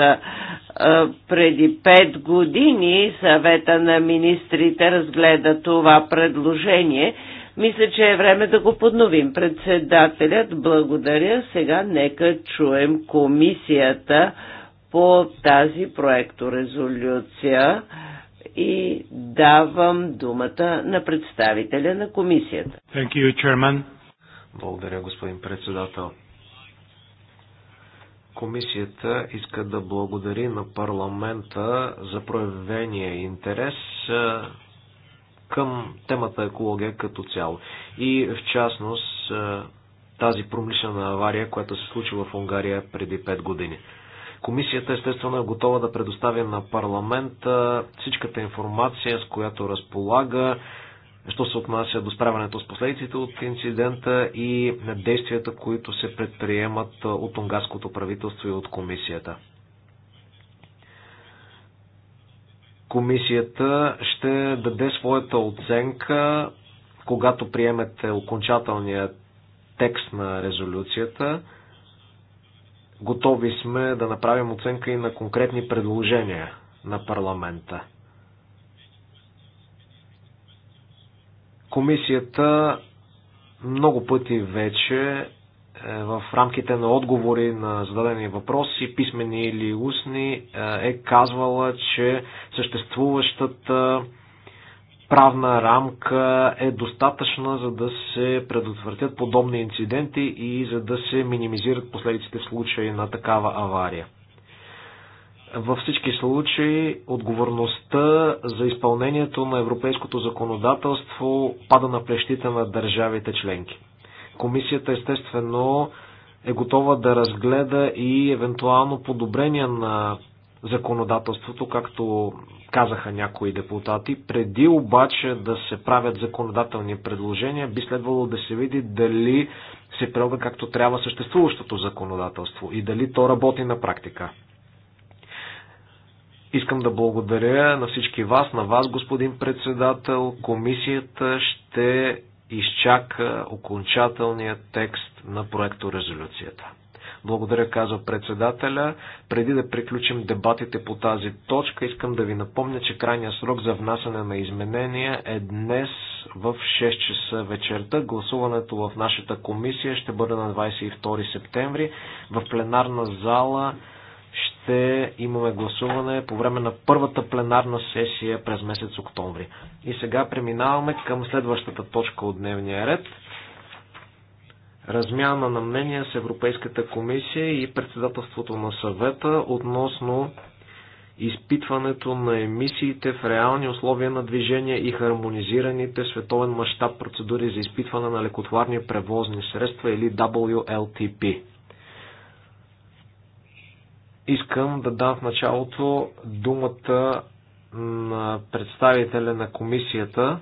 Преди пет години съвета на министрите разгледа това предложение. Мисля, че е време да го подновим. Председателят, благодаря. Сега нека чуем комисията по тази проекторезолюция и давам думата на представителя на комисията. Thank you, Chairman. Благодаря, господин председател. Комисията иска да благодари на парламента за проявения интерес към темата екология като цяло. И в частност тази промишлена авария, която се случи в Унгария преди 5 години. Комисията естествено е готова да предостави на парламента всичката информация, с която разполага, що се отнася до справянето с последиците от инцидента и действията, които се предприемат от унгарското правителство и от комисията. Комисията ще даде своята оценка, когато приемете окончателния текст на резолюцията – Готови сме да направим оценка и на конкретни предложения на парламента. Комисията много пъти вече е в рамките на отговори на зададени въпроси, писмени или устни, е казвала, че съществуващата правна рамка е достатъчна, за да се предотвратят подобни инциденти и за да се минимизират последиците в случай на такава авария. Във всички случаи отговорността за изпълнението на европейското законодателство пада на плещите на държавите членки. Комисията естествено е готова да разгледа и евентуално подобрение на законодателството, както казаха някои депутати. Преди обаче да се правят законодателни предложения, би следвало да се види дали се прилага както трябва съществуващото законодателство и дали то работи на практика. Искам да благодаря на всички вас, на вас, господин председател. Комисията ще изчака окончателния текст на проекто резолюцията. Благодаря, казва председателя. Преди да приключим дебатите по тази точка, искам да ви напомня, че крайният срок за внасяне на изменения е днес в 6 часа вечерта. Гласуването в нашата комисия ще бъде на 22 септември. В пленарна зала ще имаме гласуване по време на първата пленарна сесия през месец октомври. И сега преминаваме към следващата точка от дневния ред – размяна на мнения с Европейската комисия и председателството на съвета относно изпитването на емисиите в реални условия на движение и хармонизираните световен мащаб процедури за изпитване на лекотварни превозни средства или WLTP. Искам да дам в началото думата на представителя на комисията.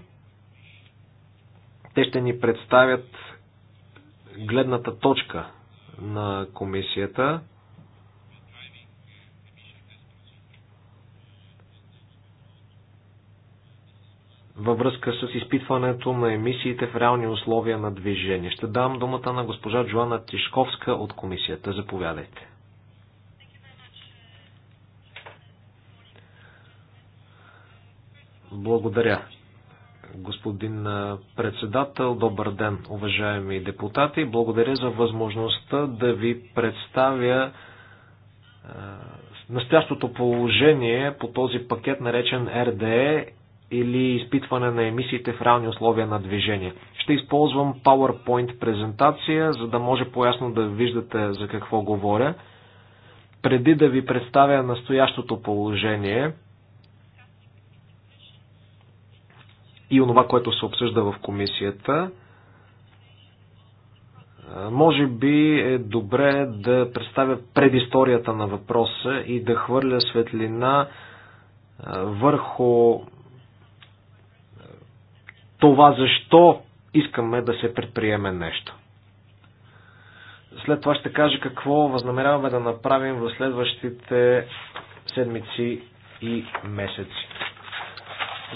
Те ще ни представят гледната точка на комисията. във връзка с изпитването на емисиите в реални условия на движение. Ще дам думата на госпожа Джоана Тишковска от комисията. Заповядайте. Благодаря господин председател. Добър ден, уважаеми депутати. Благодаря за възможността да ви представя настоящото положение по този пакет, наречен РДЕ или изпитване на емисиите в реални условия на движение. Ще използвам PowerPoint презентация, за да може по-ясно да виждате за какво говоря. Преди да ви представя настоящото положение, и онова, което се обсъжда в комисията. Може би е добре да представя предисторията на въпроса и да хвърля светлина върху това защо искаме да се предприеме нещо. След това ще кажа какво възнамеряваме да направим в следващите седмици и месеци.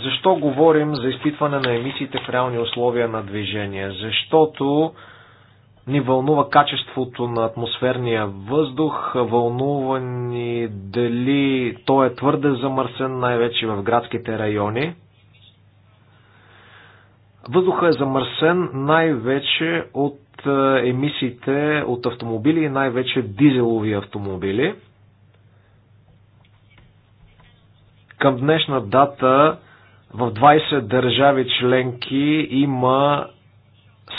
Защо говорим за изпитване на емисиите в реални условия на движение? Защото ни вълнува качеството на атмосферния въздух, вълнува ни дали той е твърде замърсен, най-вече в градските райони. Въздухът е замърсен най-вече от е, емисиите от автомобили и най-вече дизелови автомобили. Към днешна дата в 20 държави членки има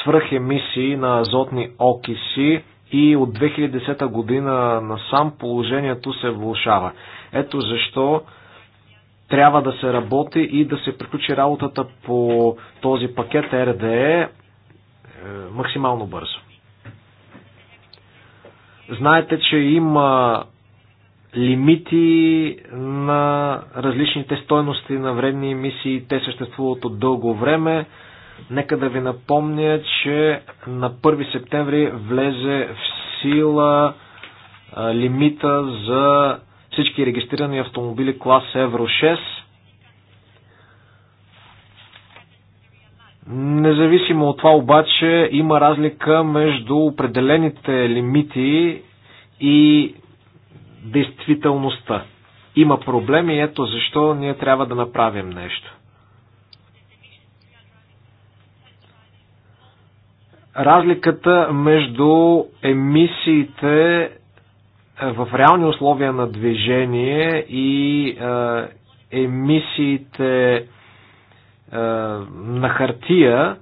свръхемисии на азотни окиси и от 2010 година насам положението се влушава. Ето защо трябва да се работи и да се приключи работата по този пакет РДЕ е, максимално бързо. Знаете, че има лимити на различните стойности на вредни емисии. Те съществуват от дълго време. Нека да ви напомня, че на 1 септември влезе в сила лимита за всички регистрирани автомобили клас Евро 6. Независимо от това обаче има разлика между определените лимити и действителността. Има проблеми и ето защо ние трябва да направим нещо. Разликата между емисиите е, в реални условия на движение и е, емисиите е, на хартия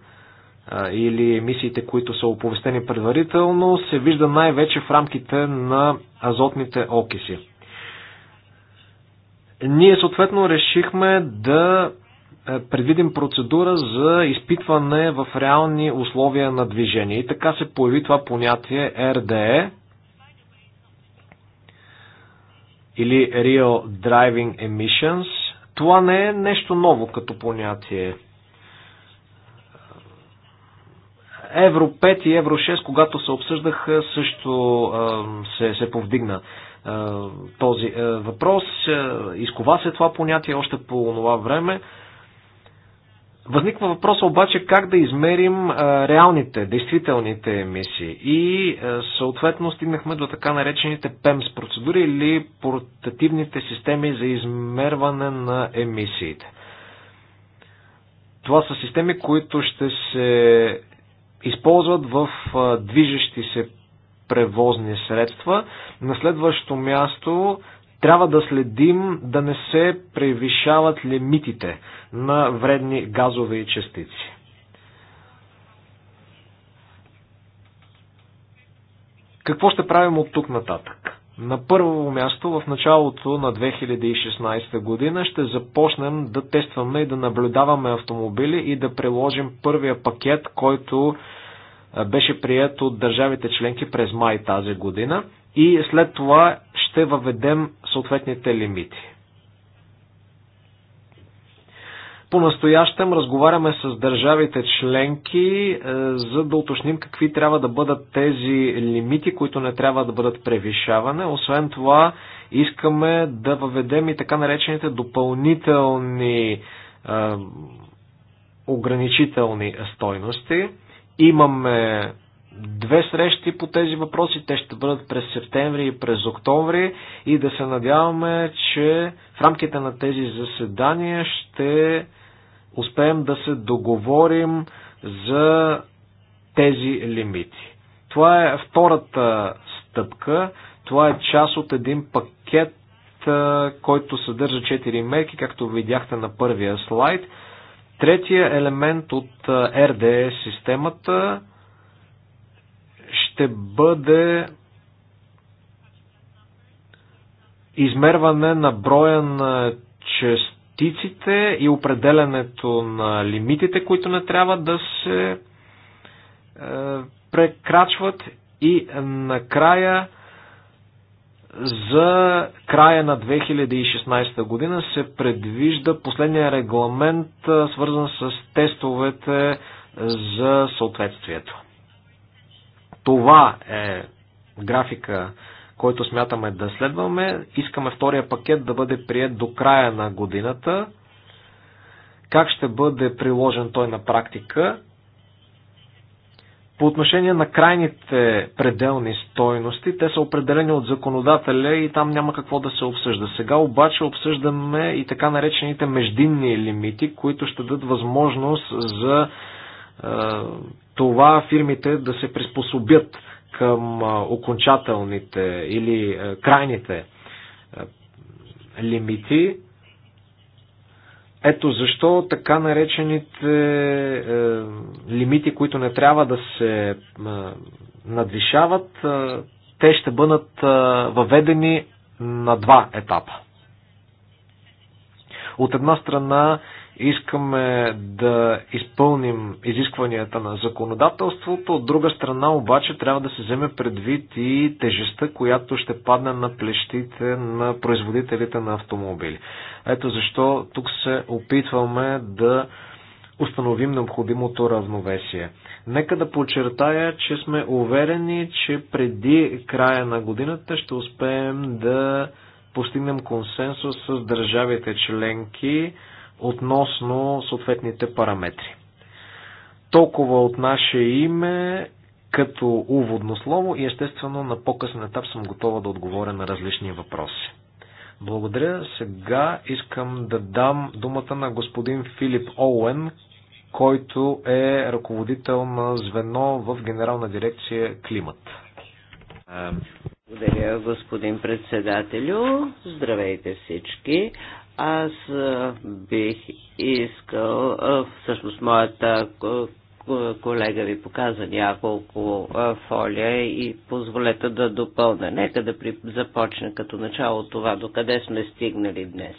или емисиите, които са оповестени предварително, се вижда най-вече в рамките на азотните окиси. Ние съответно решихме да е, предвидим процедура за изпитване в реални условия на движение. И така се появи това понятие RDE или Real Driving Emissions. Това не е нещо ново като понятие. Евро 5 и Евро 6, когато се обсъждаха, също се, се повдигна този въпрос. Изкова се това понятие още по това време. Възниква въпроса обаче как да измерим реалните, действителните емисии и съответно стигнахме до така наречените ПЕМС процедури или портативните системи за измерване на емисиите. Това са системи, които ще се използват в движещи се превозни средства. На следващо място трябва да следим да не се превишават лимитите на вредни газове и частици. Какво ще правим от тук нататък? На първо място, в началото на 2016 година ще започнем да тестваме и да наблюдаваме автомобили и да приложим първия пакет, който беше прият от държавите членки през май тази година и след това ще въведем съответните лимити. По-настоящем разговаряме с държавите членки, е, за да уточним какви трябва да бъдат тези лимити, които не трябва да бъдат превишаване. Освен това, искаме да въведем и така наречените допълнителни е, ограничителни стойности. Имаме две срещи по тези въпроси. Те ще бъдат през септември и през октомври и да се надяваме, че в рамките на тези заседания ще успеем да се договорим за тези лимити. Това е втората стъпка. Това е част от един пакет, който съдържа 4 мерки, както видяхте на първия слайд. Третия елемент от RDE системата ще бъде измерване на броя на частиците и определенето на лимитите, които не трябва да се е, прекрачват и накрая за края на 2016 година се предвижда последния регламент, е, свързан с тестовете за съответствието. Това е графика, който смятаме да следваме. Искаме втория пакет да бъде прият до края на годината. Как ще бъде приложен той на практика? По отношение на крайните пределни стойности, те са определени от законодателя и там няма какво да се обсъжда. Сега обаче обсъждаме и така наречените междинни лимити, които ще дадат възможност за е, това фирмите да се приспособят към окончателните или крайните лимити. Ето защо така наречените лимити, които не трябва да се надвишават, те ще бъдат въведени на два етапа. От една страна искаме да изпълним изискванията на законодателството, от друга страна обаче трябва да се вземе предвид и тежестта, която ще падне на плещите на производителите на автомобили. Ето защо тук се опитваме да установим необходимото равновесие. Нека да подчертая, че сме уверени, че преди края на годината ще успеем да постигнем консенсус с държавите членки, относно съответните параметри. Толкова от наше име като уводно слово и естествено на по-късен етап съм готова да отговоря на различни въпроси. Благодаря. Сега искам да дам думата на господин Филип Оуен, който е ръководител на звено в Генерална дирекция Климат. Благодаря, господин председателю. Здравейте всички. Аз бих искал, всъщност моята колега ви показа няколко фолия и позволете да допълня. Нека да при... започна като начало това, докъде сме стигнали днес.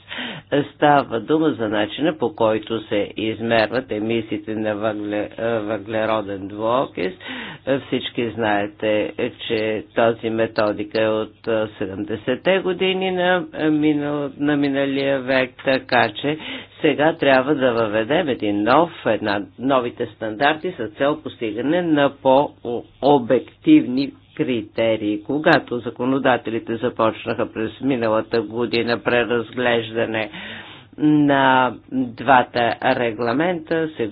Става дума за начина по който се измерват емисиите на въгле... въглероден двуокис. Всички знаете, че тази методика е от 70-те години на, минал... на миналия век, така че сега трябва да въведем един нов, една, новите стандарти с цел постигане на по-обективни критерии. Когато законодателите започнаха през миналата година преразглеждане на двата регламента, се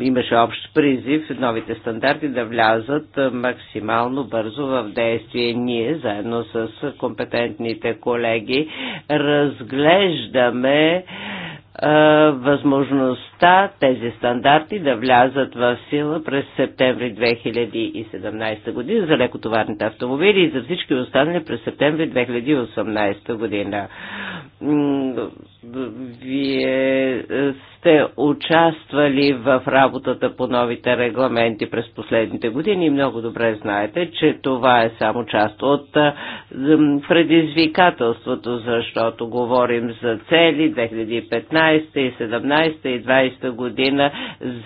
имаше общ призив новите стандарти да влязат максимално бързо в действие. Ние, заедно с компетентните колеги, разглеждаме е, възможността тези стандарти да влязат в сила през септември 2017 година за лекотоварните автомобили и за всички останали през септември 2018 година. Вие сте участвали в работата по новите регламенти през последните години и много добре знаете, че това е само част от е, предизвикателството, защото говорим за цели 2015 16 и 17 и 20 година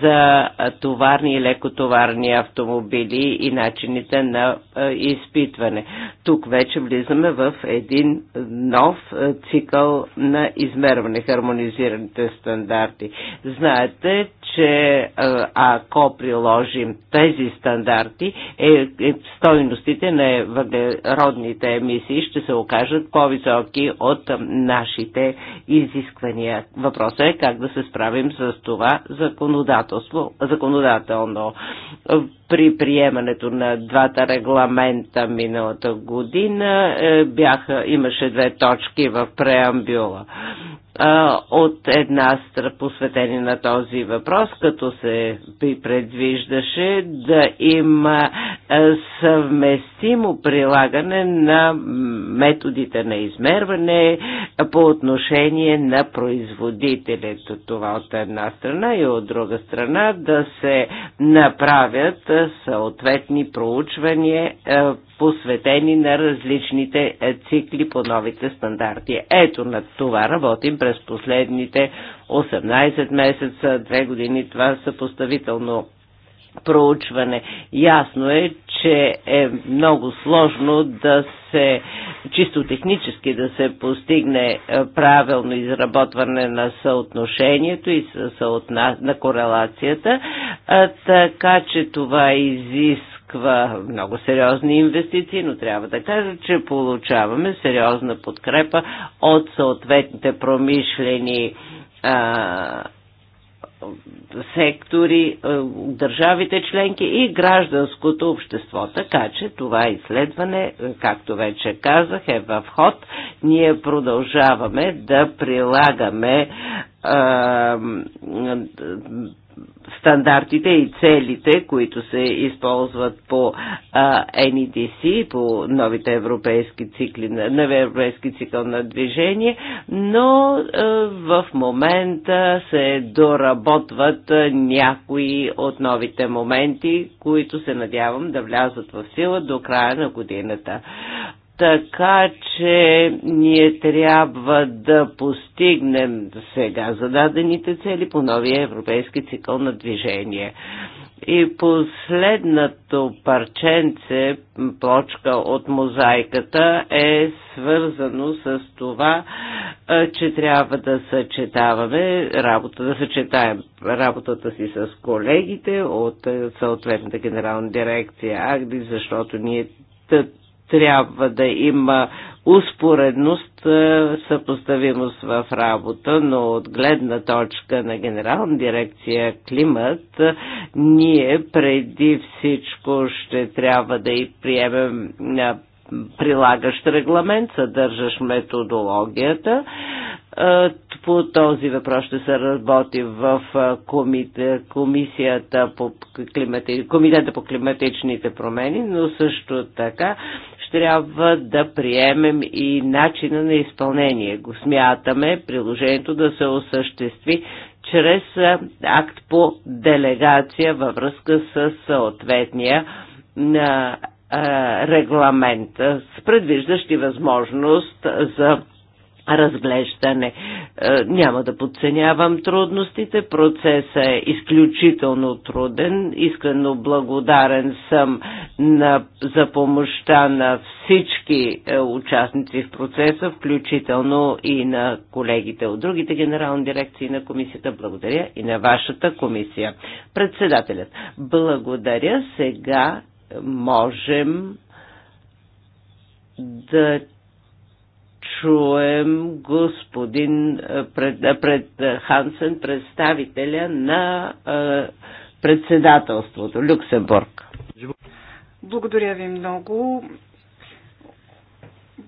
за товарни и лекотоварни автомобили и начините на изпитване. Тук вече влизаме в един нов цикъл на измерване, хармонизираните стандарти. Знаете, че е, ако приложим тези стандарти, е, е, стойностите на въглеродните емисии ще се окажат по-високи от нашите изисквания. Въпросът е как да се справим с това законодателство, законодателно при приемането на двата регламента миналата година е, бяха, имаше две точки в преамбюла от една страна посветени на този въпрос, като се предвиждаше да има е, съвместимо прилагане на методите на измерване по отношение на производителите. Това от една страна и от друга страна да се направят е, съответни проучвания, е, посветени на различните е, цикли по новите стандарти. Ето на това работим през последните 18 месеца, две години. Това съпоставително проучване. Ясно е, че е много сложно да се, чисто технически да се постигне е, правилно изработване на съотношението и съотна, на корелацията, така че това изисква много сериозни инвестиции, но трябва да кажа, че получаваме сериозна подкрепа от съответните промишлени а, сектори, е, държавите членки и гражданското общество. Така че това изследване, е, както вече казах, е в ход. Ние продължаваме да прилагаме е, стандартите и целите, които се използват по а, NEDC, по новите европейски цикли, на европейски цикъл на движение, но а, в момента се доработват някои от новите моменти, които се надявам да влязат в сила до края на годината. Така че ние трябва да постигнем сега зададените цели по новия европейски цикъл на движение. И последното парченце, плочка от мозайката е свързано с това, че трябва да съчетаваме работа, да съчетаем работата си с колегите от съответната генерална дирекция Агди, защото ние трябва да има успоредност, е, съпоставимост в работа, но от гледна точка на Генерална дирекция климат, е, ние преди всичко ще трябва да и приемем е, прилагащ регламент, съдържащ методологията. По този въпрос ще се работи в комисията по, климати... комитета по климатичните промени, но също така трябва да приемем и начина на изпълнение. Го смятаме приложението да се осъществи чрез акт по делегация във връзка с съответния регламент, с предвиждащи възможност за разглеждане. Е, няма да подценявам трудностите, процесът е изключително труден, искрено благодарен съм на, за помощта на всички е, участници в процеса, включително и на колегите от другите генерални дирекции на комисията. Благодаря и на вашата комисия. Председателят, благодаря. Сега можем да чуем господин пред, пред Хансен, представителя на председателството Люксембург. Благодаря ви много.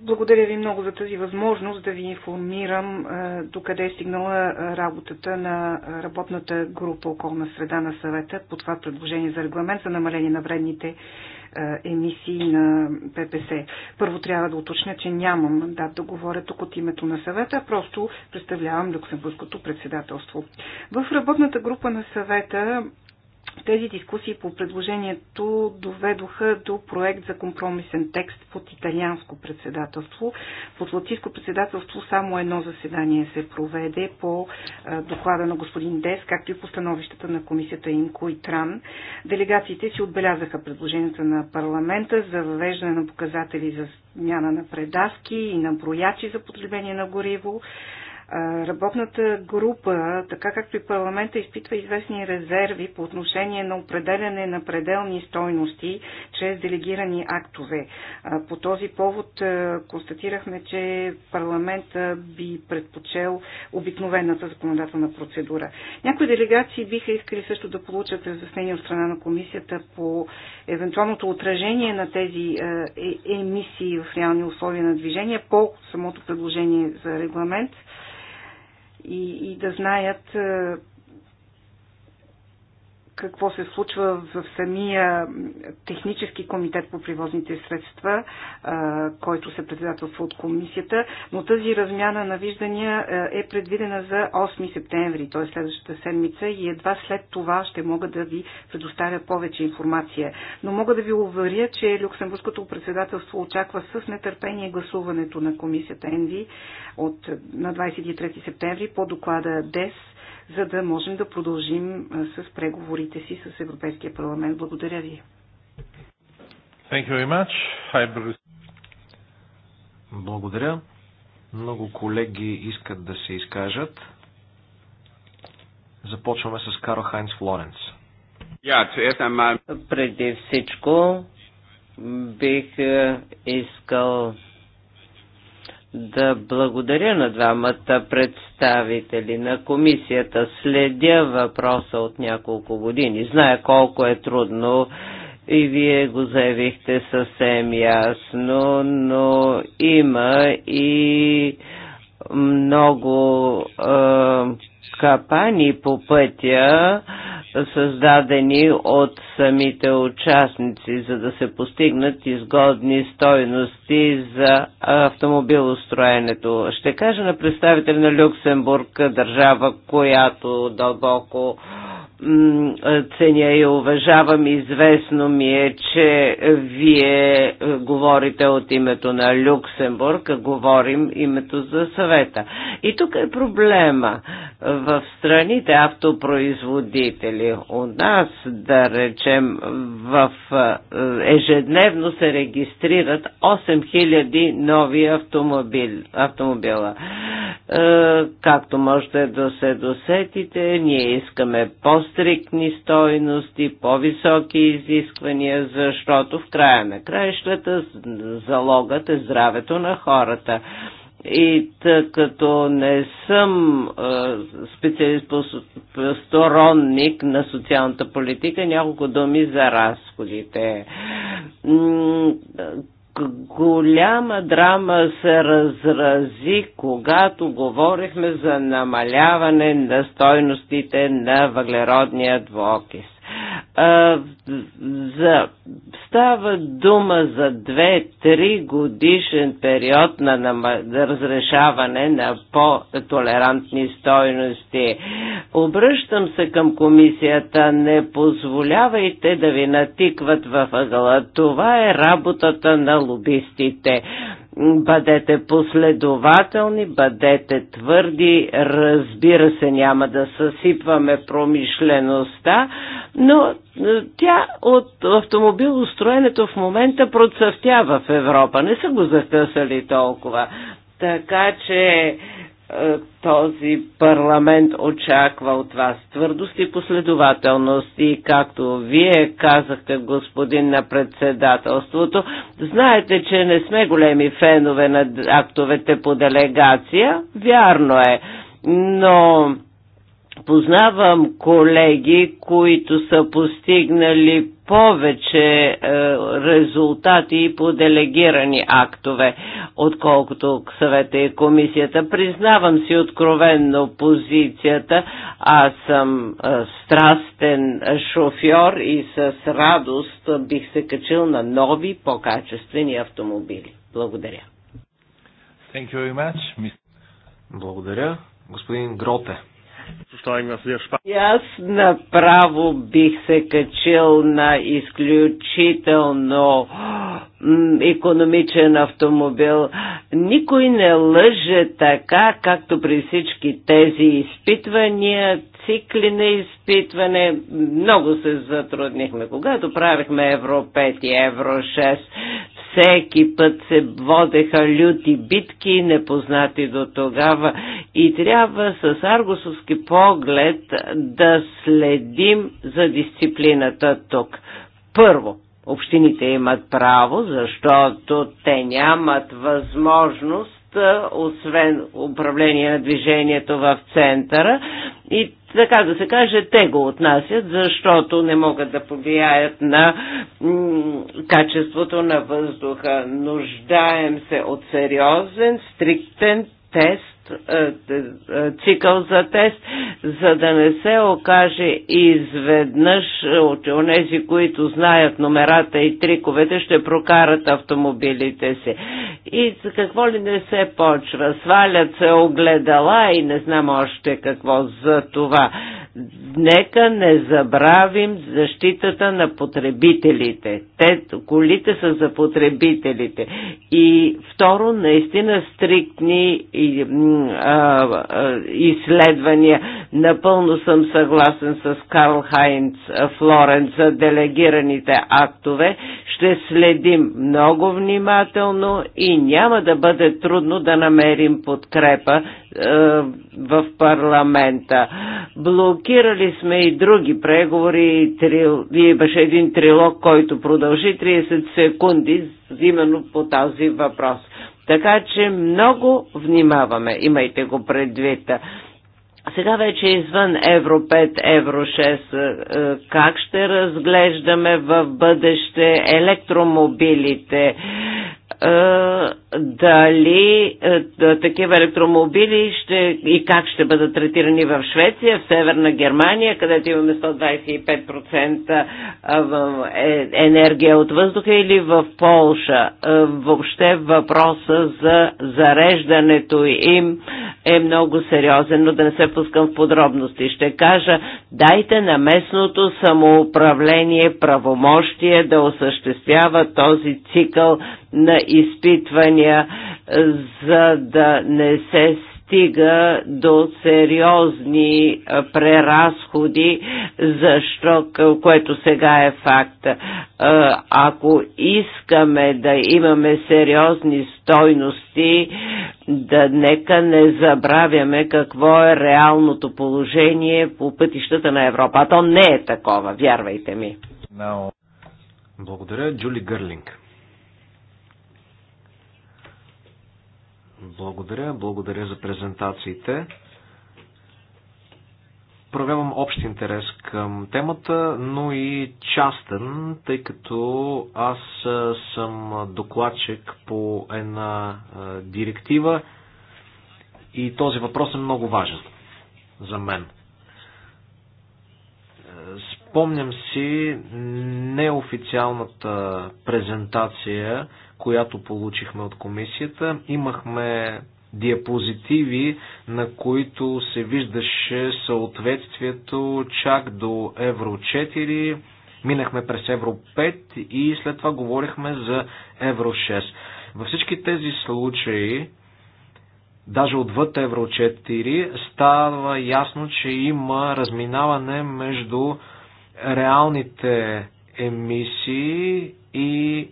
Благодаря ви много за тази възможност да ви информирам докъде е стигнала работата на работната група околна среда на съвета по това предложение за регламент за намаление на вредните е, емисии на ППС. Първо трябва да уточня, че нямам мандат да говоря тук от името на съвета, а просто представлявам Люксембургското председателство. В работната група на съвета тези дискусии по предложението доведоха до проект за компромисен текст под италианско председателство. Под латинско председателство само едно заседание се проведе по доклада на господин Дес, както и по становищата на комисията Инко и Тран. Делегациите си отбелязаха предложенията на парламента за въвеждане на показатели за смяна на предавки и на броячи за потребление на гориво Работната група, така както и парламента, изпитва известни резерви по отношение на определяне на пределни стойности чрез делегирани актове. По този повод констатирахме, че парламента би предпочел обикновената законодателна процедура. Някои делегации биха искали също да получат разяснение от страна на комисията по евентуалното отражение на тези е, емисии в реални условия на движение по самото предложение за регламент – и, и да знаят е, какво се случва в самия технически комитет по привозните средства, който се председателства от комисията, но тази размяна на виждания е предвидена за 8 септември, т.е. следващата седмица и едва след това ще мога да ви предоставя повече информация. Но мога да ви уверя, че Люксембургското председателство очаква с нетърпение гласуването на комисията ЕНВИ от, на 23 септември по доклада ДЕС за да можем да продължим с преговорите си с Европейския парламент. Благодаря ви. Thank you very much. I... Благодаря. Много колеги искат да се изкажат. Започваме с Карл Хайнс Флоренц. Преди всичко бих искал да благодаря на двамата представители на комисията. Следя въпроса от няколко години. Зная колко е трудно и вие го заявихте съвсем ясно, но има и много е, капани по пътя, създадени от самите участници, за да се постигнат изгодни стойности за автомобилостроенето. Ще кажа на представител на Люксембург, държава, която дълбоко ценя и уважавам. Известно ми е, че вие е, говорите от името на Люксембург, а говорим името за съвета. И тук е проблема. В страните автопроизводители у нас, да речем, в е, ежедневно се регистрират 8000 нови автомобил, автомобила. Е, както можете да се досетите, ние искаме пост по-стрикни стойности, по-високи изисквания, защото в края на краищата залогът е здравето на хората. И тъй като не съм специалист по сторонник на социалната политика, няколко думи за разходите голяма драма се разрази, когато говорихме за намаляване на стойностите на въглеродния двуокис за, става дума за 2-3 годишен период на, на, на разрешаване на по-толерантни стойности. Обръщам се към комисията, не позволявайте да ви натикват във ъгъла. Това е работата на лобистите. Бъдете последователни, бъдете твърди, разбира се, няма да съсипваме промишлеността, но е, тя от автомобилостроенето в момента процъфтява в Европа. Не са го закъсали толкова. Така че този парламент очаква от вас твърдост и последователност и както вие казахте, господин на председателството, знаете, че не сме големи фенове на актовете по делегация, вярно е, но Познавам колеги, които са постигнали повече е, резултати по делегирани актове, отколкото съвета и комисията. Признавам си откровенно позицията. Аз съм е, страстен шофьор и с радост бих се качил на нови, по-качествени автомобили. Благодаря. Thank you very much. Благодаря. Господин Гроте. И аз направо бих се качил на изключително економичен автомобил. Никой не лъже така, както при всички тези изпитвания, цикли на изпитване. Много се затруднихме, когато правихме Евро 5 и Евро 6. Всеки път се водеха люти битки, непознати до тогава и трябва с аргусовски поглед да следим за дисциплината тук. Първо, общините имат право, защото те нямат възможност освен управление на движението в центъра и така да се каже, те го отнасят, защото не могат да повлияят на качеството на въздуха. Нуждаем се от сериозен, стриктен тест е, е, е, цикъл за тест, за да не се окаже изведнъж от тези, които знаят номерата и триковете, ще прокарат автомобилите си. И какво ли не се почва? Свалят се огледала и не знам още какво за това. Нека не забравим защитата на потребителите. Те, колите са за потребителите. И второ, наистина стриктни и изследвания. Напълно съм съгласен с Карл Хайнц Флоренц за делегираните актове. Ще следим много внимателно и няма да бъде трудно да намерим подкрепа в парламента. Блокирали сме и други преговори. Трил... Имаше един трилог, който продължи 30 секунди именно по този въпрос. Така че много внимаваме, имайте го предвид. Сега вече извън Евро 5, Евро 6, е, е, как ще разглеждаме в бъдеще електромобилите, е, дали е, такива електромобили ще, и как ще бъдат третирани в Швеция, в Северна Германия, където имаме 125% е, енергия от въздуха или в Полша. Въобще въпроса за зареждането им е много сериозен, но да не се пускам в подробности. Ще кажа, дайте на местното самоуправление правомощие да осъществява този цикъл на изпитвания, за да не се стига до сериозни преразходи, защо, което сега е факт. Ако искаме да имаме сериозни стойности, да нека не забравяме какво е реалното положение по пътищата на Европа. А то не е такова, вярвайте ми. Благодаря, Джули Гърлинг. Благодаря. Благодаря за презентациите. Проявявам общ интерес към темата, но и частен, тъй като аз съм докладчик по една директива и този въпрос е много важен за мен. Спомням си неофициалната презентация която получихме от комисията. Имахме диапозитиви, на които се виждаше съответствието чак до Евро 4, минахме през Евро 5 и след това говорихме за Евро 6. Във всички тези случаи, даже отвъд Евро 4, става ясно, че има разминаване между реалните емисии и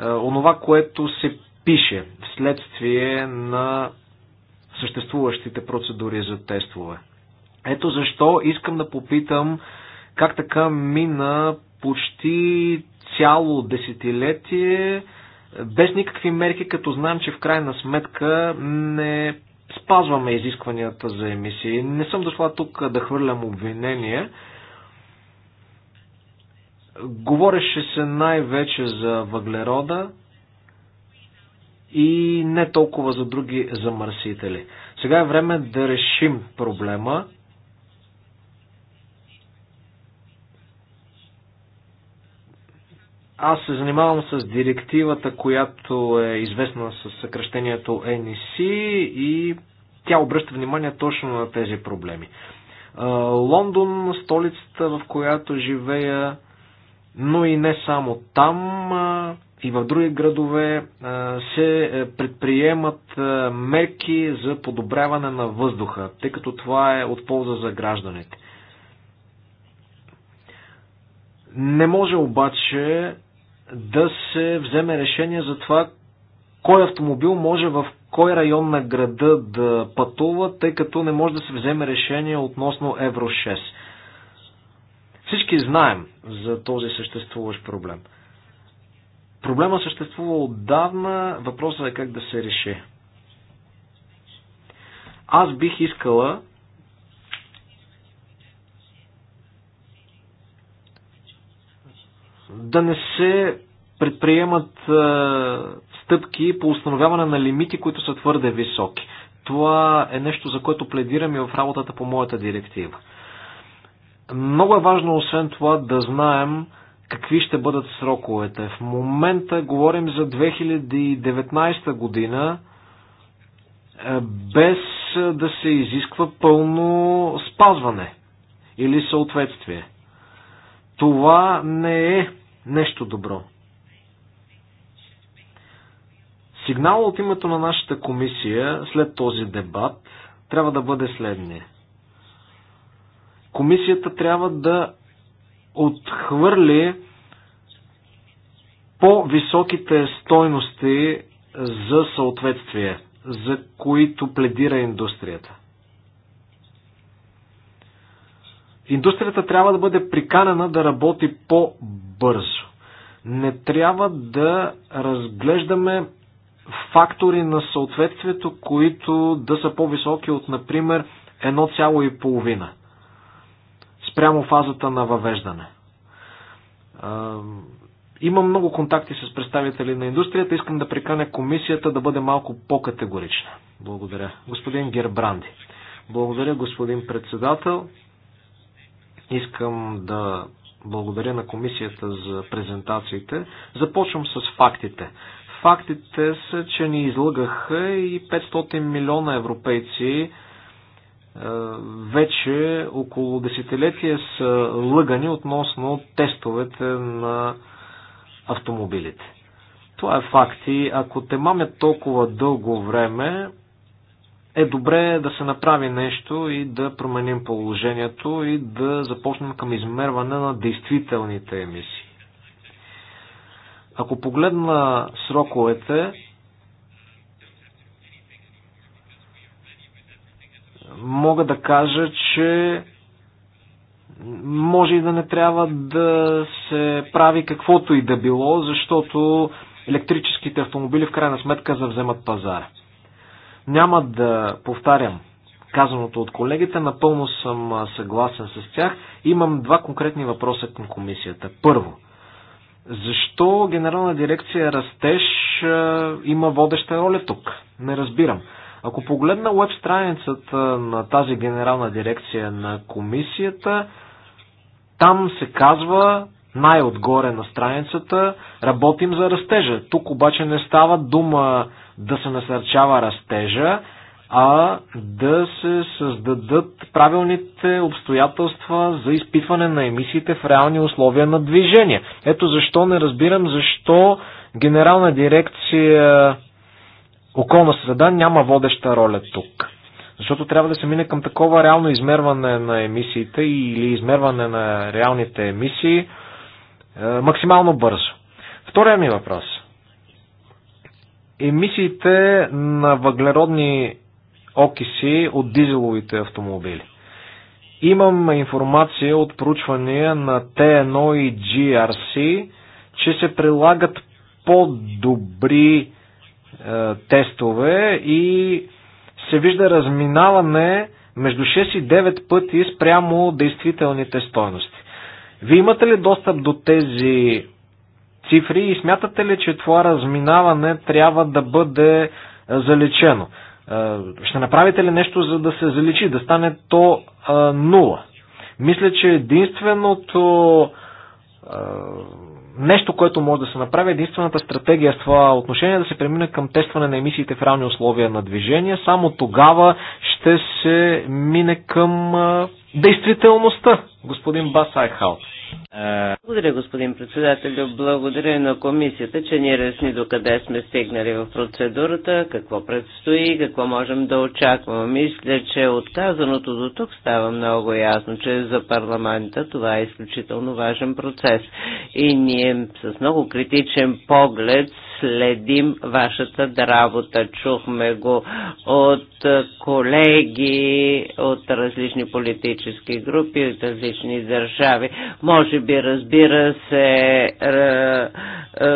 е, онова, което се пише вследствие на съществуващите процедури за тестове. Ето защо искам да попитам как така мина почти цяло десетилетие без никакви мерки, като знам, че в крайна сметка не спазваме изискванията за емисии. Не съм дошла тук да хвърлям обвинения, Говореше се най-вече за въглерода и не толкова за други замърсители. Сега е време да решим проблема. Аз се занимавам с директивата, която е известна с съкръщението NEC и тя обръща внимание точно на тези проблеми. Лондон, столицата в която живея, но и не само там, и в други градове се е, предприемат е, мерки за подобряване на въздуха, тъй като това е от полза за гражданите. Не може обаче да се вземе решение за това кой автомобил може в кой район на града да пътува, тъй като не може да се вземе решение относно Евро 6. Всички знаем за този съществуващ проблем. Проблема съществува отдавна, въпросът е как да се реши. Аз бих искала да не се предприемат е, стъпки по установяване на лимити, които са твърде високи. Това е нещо, за което пледирам и в работата по моята директива. Много е важно, освен това, да знаем какви ще бъдат сроковете. В момента говорим за 2019 година, е, без да се изисква пълно спазване или съответствие. Това не е нещо добро. Сигнал от името на нашата комисия след този дебат трябва да бъде следния – комисията трябва да отхвърли по-високите стойности за съответствие, за които пледира индустрията. Индустрията трябва да бъде приканена да работи по-бързо. Не трябва да разглеждаме фактори на съответствието, които да са по-високи от, например, 1,5 спрямо фазата на въвеждане. Имам много контакти с представители на индустрията. Искам да приканя комисията да бъде малко по-категорична. Благодаря. Господин Гербранди. Благодаря, господин председател. Искам да благодаря на комисията за презентациите. Започвам с фактите. Фактите са, че ни излъгаха и 500 милиона европейци вече около десетилетие са лъгани относно тестовете на автомобилите. Това е факт и ако те мамят толкова дълго време, е добре да се направи нещо и да променим положението и да започнем към измерване на действителните емисии. Ако погледна сроковете, мога да кажа, че може и да не трябва да се прави каквото и да било, защото електрическите автомобили в крайна сметка завземат пазара. Няма да повтарям казаното от колегите, напълно съм съгласен с тях. Имам два конкретни въпроса към комисията. Първо, защо Генерална дирекция Растеж има водеща роля тук? Не разбирам. Ако погледна веб страницата на тази генерална дирекция на комисията, там се казва най-отгоре на страницата работим за растежа. Тук обаче не става дума да се насърчава растежа, а да се създадат правилните обстоятелства за изпитване на емисиите в реални условия на движение. Ето защо не разбирам защо Генерална дирекция околна среда няма водеща роля тук. Защото трябва да се мине към такова реално измерване на емисиите или измерване на реалните емисии е, максимално бързо. Втория ми въпрос. Емисиите на въглеродни окиси от дизеловите автомобили. Имам информация от проучвания на T1 и GRC, че се прилагат по-добри е, тестове и се вижда разминаване между 6 и 9 пъти спрямо действителните стойности. Вие имате ли достъп до тези цифри и смятате ли, че това разминаване трябва да бъде е, заличено? Е, ще направите ли нещо, за да се заличи, да стане то нула? Мисля, че единственото нещо, което може да се направи, е единствената стратегия с това отношение е да се премине към тестване на емисиите в равни условия на движение. Само тогава ще се мине към действителността, господин Бас Айхаут. Благодаря, господин председател. Благодаря на комисията, че ни разни къде сме стигнали в процедурата, какво предстои, какво можем да очакваме. Мисля, че отказаното до тук става много ясно, че за парламента това е изключително важен процес. И ние с много критичен поглед следим вашата работа. Чухме го от колеги от различни политически групи, от различни държави. Може би, разбира се, е,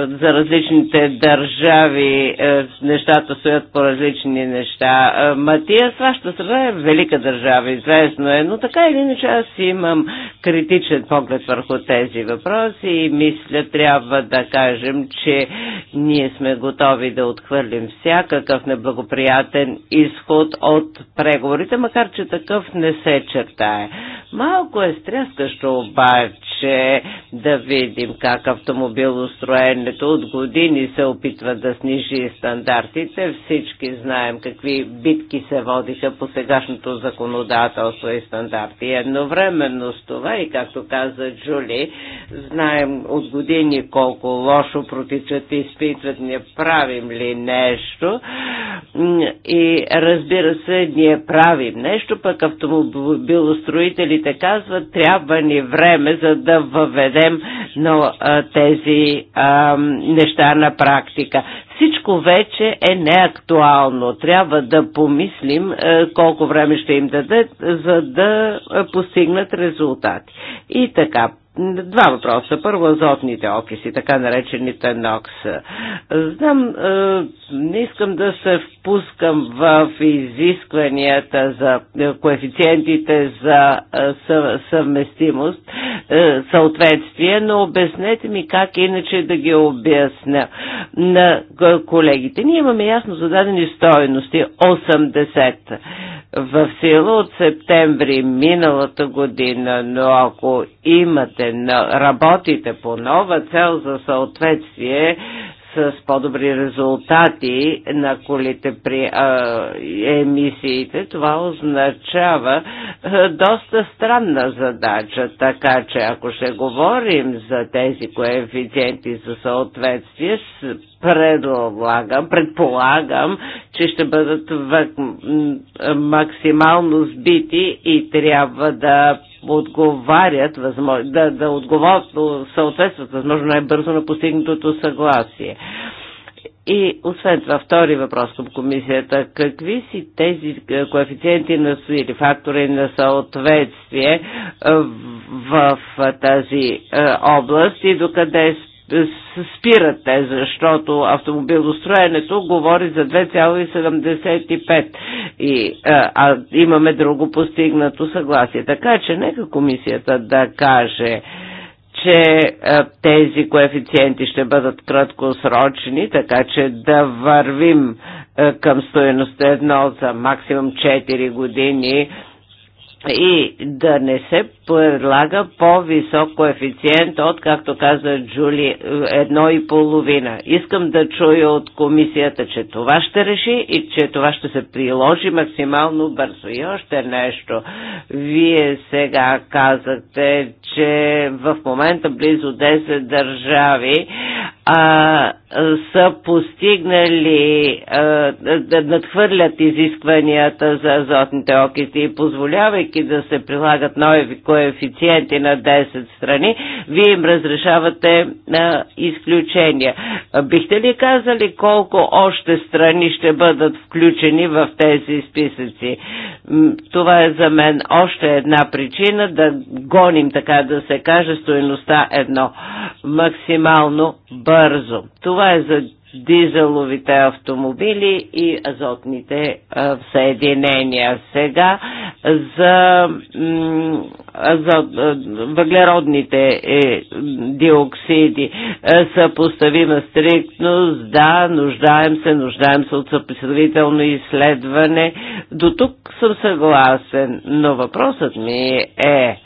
за различните държави е, нещата стоят по различни неща. Е, Матия, с вашата страна е велика държава, известно е, но така или иначе аз имам критичен поглед върху тези въпроси и мисля, трябва да кажем, че ние ние сме готови да отхвърлим всякакъв неблагоприятен изход от преговорите, макар че такъв не се чертае. Малко е стряскащо обаче, че да видим как автомобилостроенето от години се опитва да снижи стандартите. Всички знаем какви битки се водиха по сегашното законодателство и стандарти. Едновременно с това и както каза Джули, знаем от години колко лошо протичат изпитват, не правим ли нещо. И разбира се, ние правим нещо, пък автомобилостроителите казват, трябва ни време за да да въведем на тези а, неща на практика. Всичко вече е неактуално. Трябва да помислим а, колко време ще им дадат, за да постигнат резултати. И така, Два въпроса. Първо, азотните окиси, така наречените НОКС. Знам, е, не искам да се впускам в изискванията за е, коефициентите за е, съвместимост, съответствие, но обяснете ми как иначе да ги обясня на колегите. Ние имаме ясно зададени стоености 80 в сила от септември миналата година, но ако имате ще работите по нова цел за съответствие с по-добри резултати на колите при а, емисиите, това означава а, доста странна задача. Така че ако ще говорим за тези коефициенти за съответствие, предлагам, предполагам, че ще бъдат максимално сбити и трябва да отговарят, да, да отговарят, съответстват възможно най-бързо на постигнатото съгласие. И освен това, втори въпрос към комисията. Какви си тези коефициенти на или фактори на съответствие в тази е, област и докъде Спирате, защото автомобилостроенето говори за 2,75 и а, а имаме друго постигнато съгласие. Така че нека комисията да каже че а, тези коефициенти ще бъдат краткосрочни, така че да вървим а, към стоеността едно за максимум 4 години и да не се предлага по-висок коефициент от, както каза Джули, едно и половина. Искам да чуя от комисията, че това ще реши и че това ще се приложи максимално бързо. И още нещо. Вие сега казахте, че в момента близо 10 държави а, са постигнали а, да надхвърлят изискванията за азотните окиси и позволявайки да се прилагат нови коефициенти на 10 страни, вие им разрешавате а, изключения. Бихте ли казали колко още страни ще бъдат включени в тези списъци? Това е за мен още една причина да гоним, така да се каже, стоеността едно максимално бързо бързо. Това е за дизеловите автомобили и азотните а, съединения. Сега за азот, въглеродните е, диоксиди е, съпоставима стриктност, да, нуждаем се, нуждаем се от съпоставително изследване. До тук съм съгласен, но въпросът ми е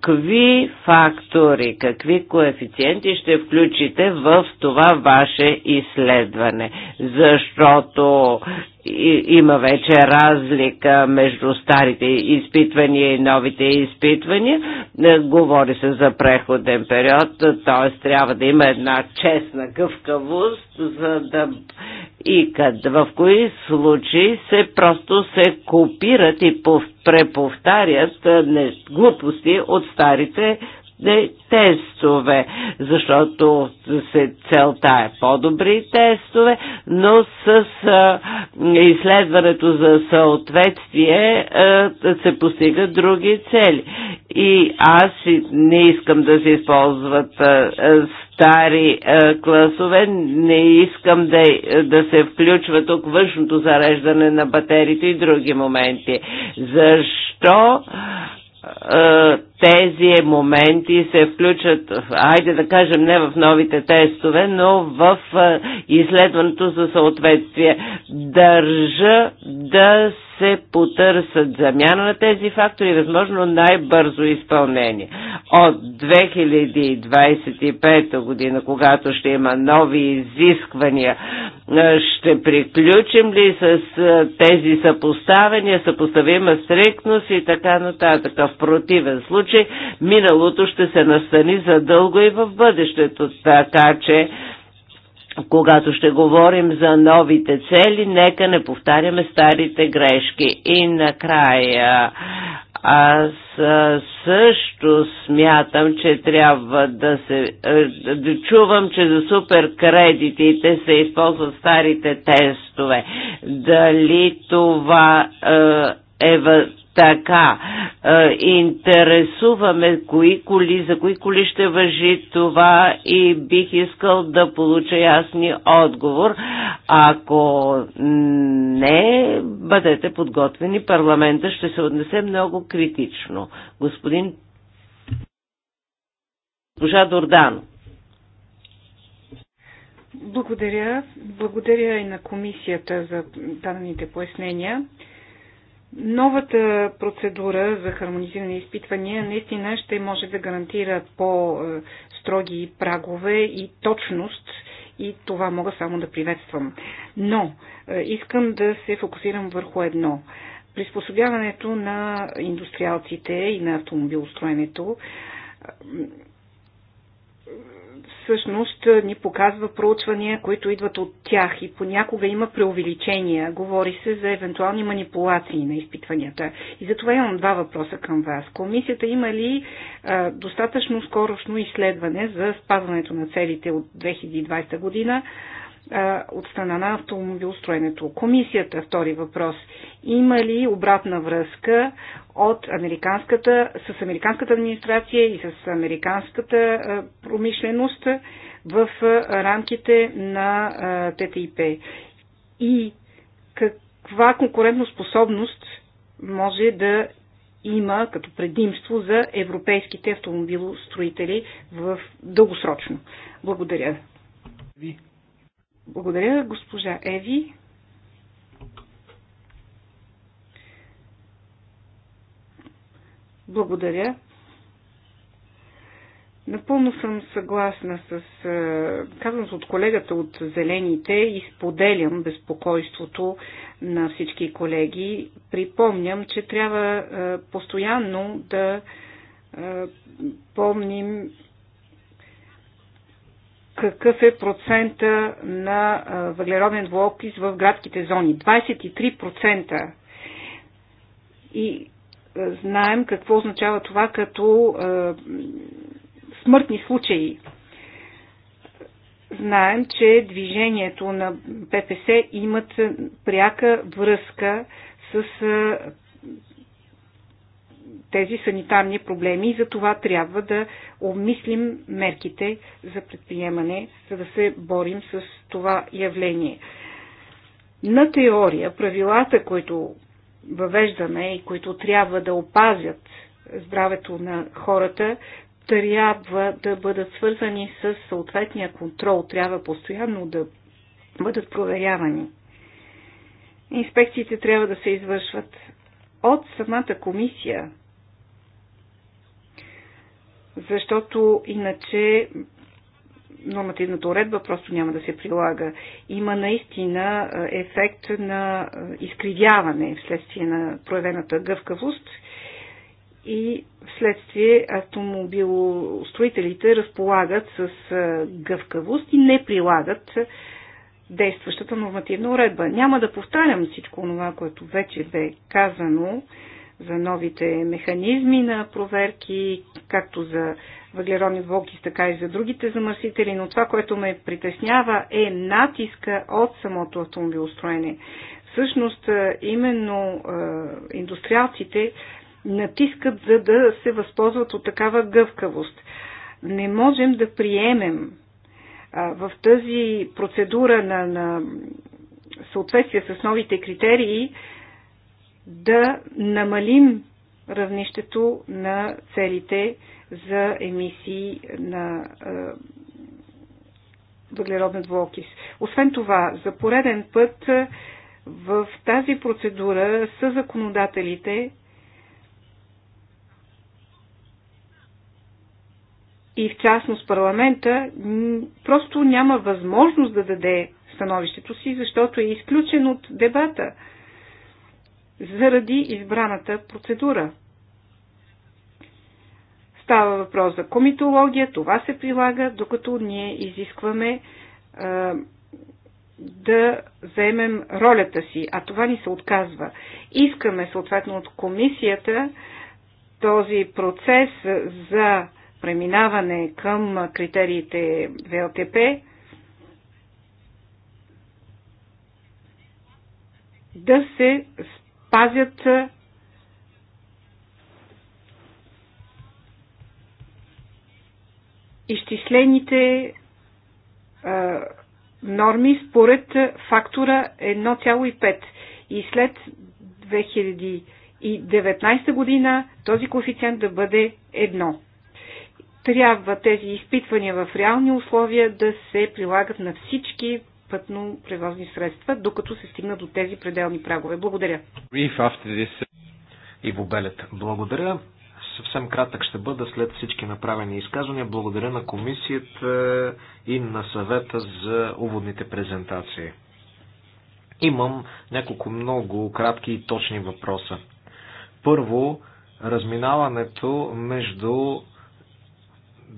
какви фактори, какви коефициенти ще включите в това ваше изследване, защото има вече разлика между старите изпитвания и новите изпитвания. Е, говори се за преходен период, т.е. трябва да има една честна гъвкавост, за да и къде, в кои случаи се просто се копират и преповтарят глупости от старите тестове, защото се, целта е по-добри тестове, но с а, изследването за съответствие а, се постигат други цели. И аз не искам да се използват а, стари класове. Не искам да, да се включва тук външното зареждане на батериите и други моменти. Защо е, тези моменти се включат, айде да кажем не в новите тестове, но в е, изследването за съответствие. Държа да се потърсят замяна на тези фактори, възможно най-бързо изпълнение. От 2025 година, когато ще има нови изисквания, ще приключим ли с тези съпоставения, съпоставима стрикност и така нататък. В противен случай миналото ще се настани задълго и в бъдещето, така че когато ще говорим за новите цели, нека не повтаряме старите грешки. И накрая, аз също смятам, че трябва да се... Да чувам, че за суперкредитите се използват старите тестове. Дали това е, е така е, интересуваме кои коли, за кои коли ще въжи това и бих искал да получа ясни отговор. Ако не бъдете подготвени, парламента ще се отнесе много критично. Господин Божа Дордано. Благодаря. Благодаря и на комисията за дадените пояснения. Новата процедура за хармонизирани изпитвания наистина ще може да гарантира по-строги прагове и точност и това мога само да приветствам. Но е, искам да се фокусирам върху едно. Приспособяването на индустриалците и на автомобилостроенето всъщност ни показва проучвания, които идват от тях и понякога има преувеличения. Говори се за евентуални манипулации на изпитванията. И затова имам два въпроса към вас. Комисията има ли а, достатъчно скорошно изследване за спазването на целите от 2020 година? от страна на автомобилостроенето. Комисията, втори въпрос, има ли обратна връзка от американската, с американската администрация и с американската промишленост в рамките на ТТИП? И каква конкурентоспособност може да има като предимство за европейските автомобилостроители в дългосрочно? Благодаря ви. Благодаря, госпожа Еви. Благодаря. Напълно съм съгласна с казаното от колегата от Зелените и споделям безпокойството на всички колеги. Припомням, че трябва постоянно да помним какъв е процента на въглероден двуокис в градските зони. 23%. И знаем какво означава това като смъртни случаи. Знаем, че движението на ППС имат пряка връзка с тези санитарни проблеми и за това трябва да обмислим мерките за предприемане, за да се борим с това явление. На теория правилата, които въвеждаме и които трябва да опазят здравето на хората, трябва да бъдат свързани с съответния контрол, трябва постоянно да бъдат проверявани. Инспекциите трябва да се извършват от самата комисия, защото иначе нормативната уредба просто няма да се прилага. Има наистина е, ефект на е, изкривяване вследствие на проявената гъвкавост и вследствие автомобилостроителите разполагат с е, гъвкавост и не прилагат действащата нормативна уредба. Няма да повтарям всичко това, което вече бе казано за новите механизми на проверки, както за въглеродни блоки, така и за другите замърсители, но това, което ме притеснява е натиска от самото автомобилостроене. Всъщност, е, именно е, индустриалците натискат, за да се възползват от такава гъвкавост. Не можем да приемем е, в тази процедура на, на съответствие с новите критерии да намалим равнището на целите за емисии на въглероден двуокис. Освен това, за пореден път в тази процедура са законодателите и в частност парламента просто няма възможност да даде становището си, защото е изключен от дебата заради избраната процедура. Става въпрос за комитология, това се прилага, докато ние изискваме а, е, да заемем ролята си, а това ни се отказва. Искаме съответно от комисията този процес за преминаване към критериите ВЛТП да се пазят изчислените а, норми според фактора 1,5. И след 2019 година този коефициент да бъде 1. Трябва тези изпитвания в реални условия да се прилагат на всички пътно превозни средства, докато се стигна до тези пределни прагове. Благодаря. Иво Белет, благодаря. Съвсем кратък ще бъда след всички направени изказвания. Благодаря на комисията е, и на съвета за уводните презентации. Имам няколко много кратки и точни въпроса. Първо, разминаването между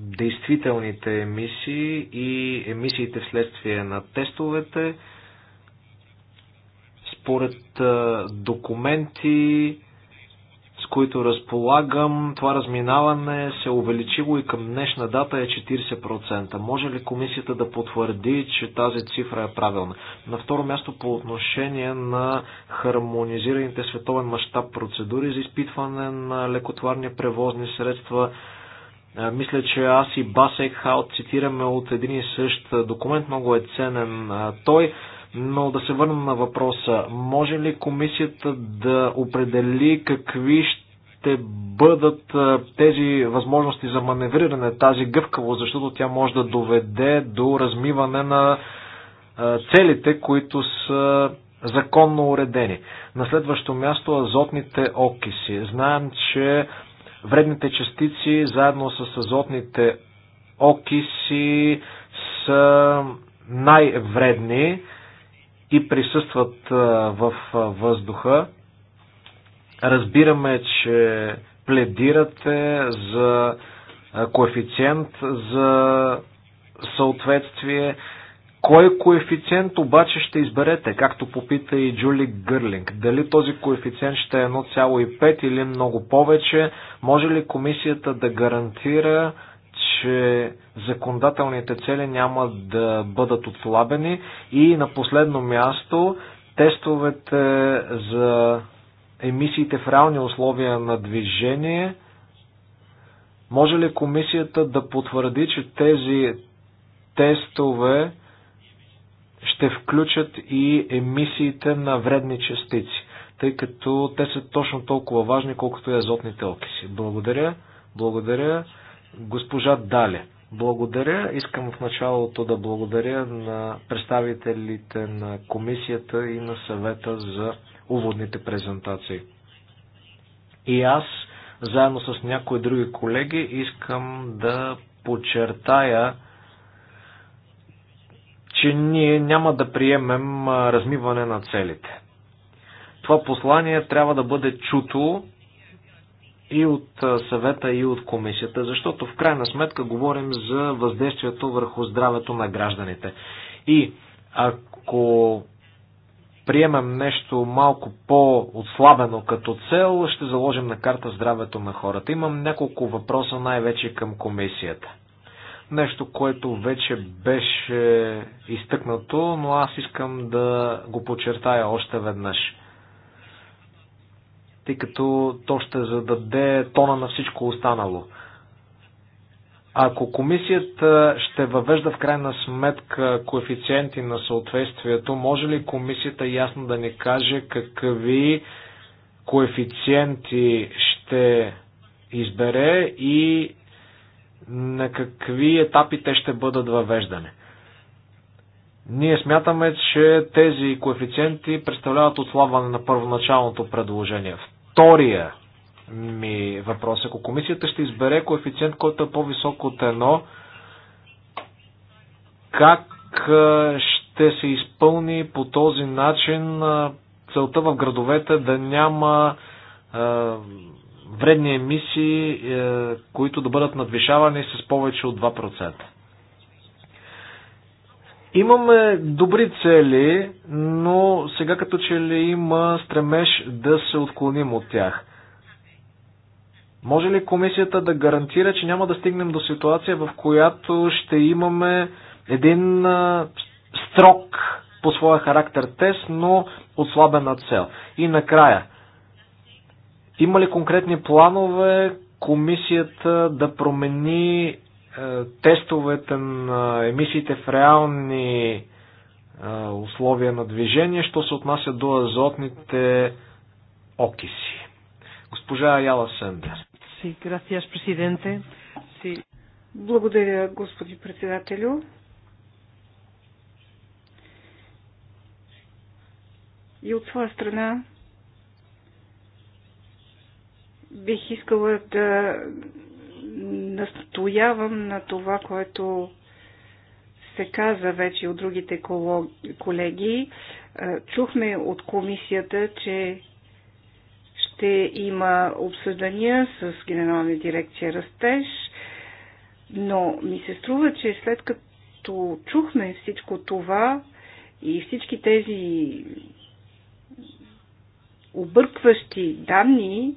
действителните емисии и емисиите вследствие на тестовете. Според документи, с които разполагам, това разминаване се увеличило и към днешна дата е 40%. Може ли комисията да потвърди, че тази цифра е правилна? На второ място по отношение на хармонизираните световен мащаб процедури за изпитване на лекотварни превозни средства, мисля, че аз и Басек Хаут цитираме от един и същ документ, много е ценен той. Но да се върна на въпроса, може ли комисията да определи какви ще бъдат тези възможности за маневриране, тази гъвкавост, защото тя може да доведе до размиване на целите, които са законно уредени. На следващо място азотните окиси. Знаем, че Вредните частици заедно с азотните окиси са най-вредни и присъстват в въздуха. Разбираме, че пледирате за коефициент за съответствие. Кой коефициент обаче ще изберете, както попита и Джули Гърлинг? Дали този коефициент ще е 1,5 или много повече? Може ли комисията да гарантира, че законодателните цели няма да бъдат отслабени? И на последно място, тестовете за емисиите в реални условия на движение. Може ли комисията да потвърди, че тези тестове ще включат и емисиите на вредни частици, тъй като те са точно толкова важни, колкото и азотните окиси. Благодаря, благодаря госпожа Дале, Благодаря. Искам в началото да благодаря на представителите на комисията и на съвета за уводните презентации. И аз, заедно с някои други колеги, искам да подчертая че ние няма да приемем размиване на целите. Това послание трябва да бъде чуто и от съвета, и от комисията, защото в крайна сметка говорим за въздействието върху здравето на гражданите. И ако приемем нещо малко по-отслабено като цел, ще заложим на карта здравето на хората. Имам няколко въпроса най-вече към комисията. Нещо, което вече беше изтъкнато, но аз искам да го подчертая още веднъж. Тъй като то ще зададе тона на всичко останало. Ако комисията ще въвежда в крайна сметка коефициенти на съответствието, може ли комисията ясно да ни каже какви коефициенти ще избере и на какви етапи те ще бъдат въвеждане. Ние смятаме, че тези коефициенти представляват отслабване на първоначалното предложение. Втория ми въпрос. Е, ако комисията ще избере коефициент, който е по-висок от едно, как ще се изпълни по този начин целта в градовете да няма вредни емисии, е, които да бъдат надвишавани с повече от 2%. Имаме добри цели, но сега като че ли има стремеж да се отклоним от тях. Може ли комисията да гарантира, че няма да стигнем до ситуация, в която ще имаме един строк по своя характер тест, но отслабена цел? И накрая – има ли конкретни планове комисията да промени е, тестовете на емисиите в реални е, условия на движение, що се отнася до азотните окиси? Госпожа Яла Сендер. Благодаря, господи председателю. И от своя страна Бих искала да настоявам на това, което се каза вече от другите колеги. Е, чухме от комисията, че ще има обсъждания с Генерална дирекция Растеж, но ми се струва, че след като чухме всичко това и всички тези объркващи данни,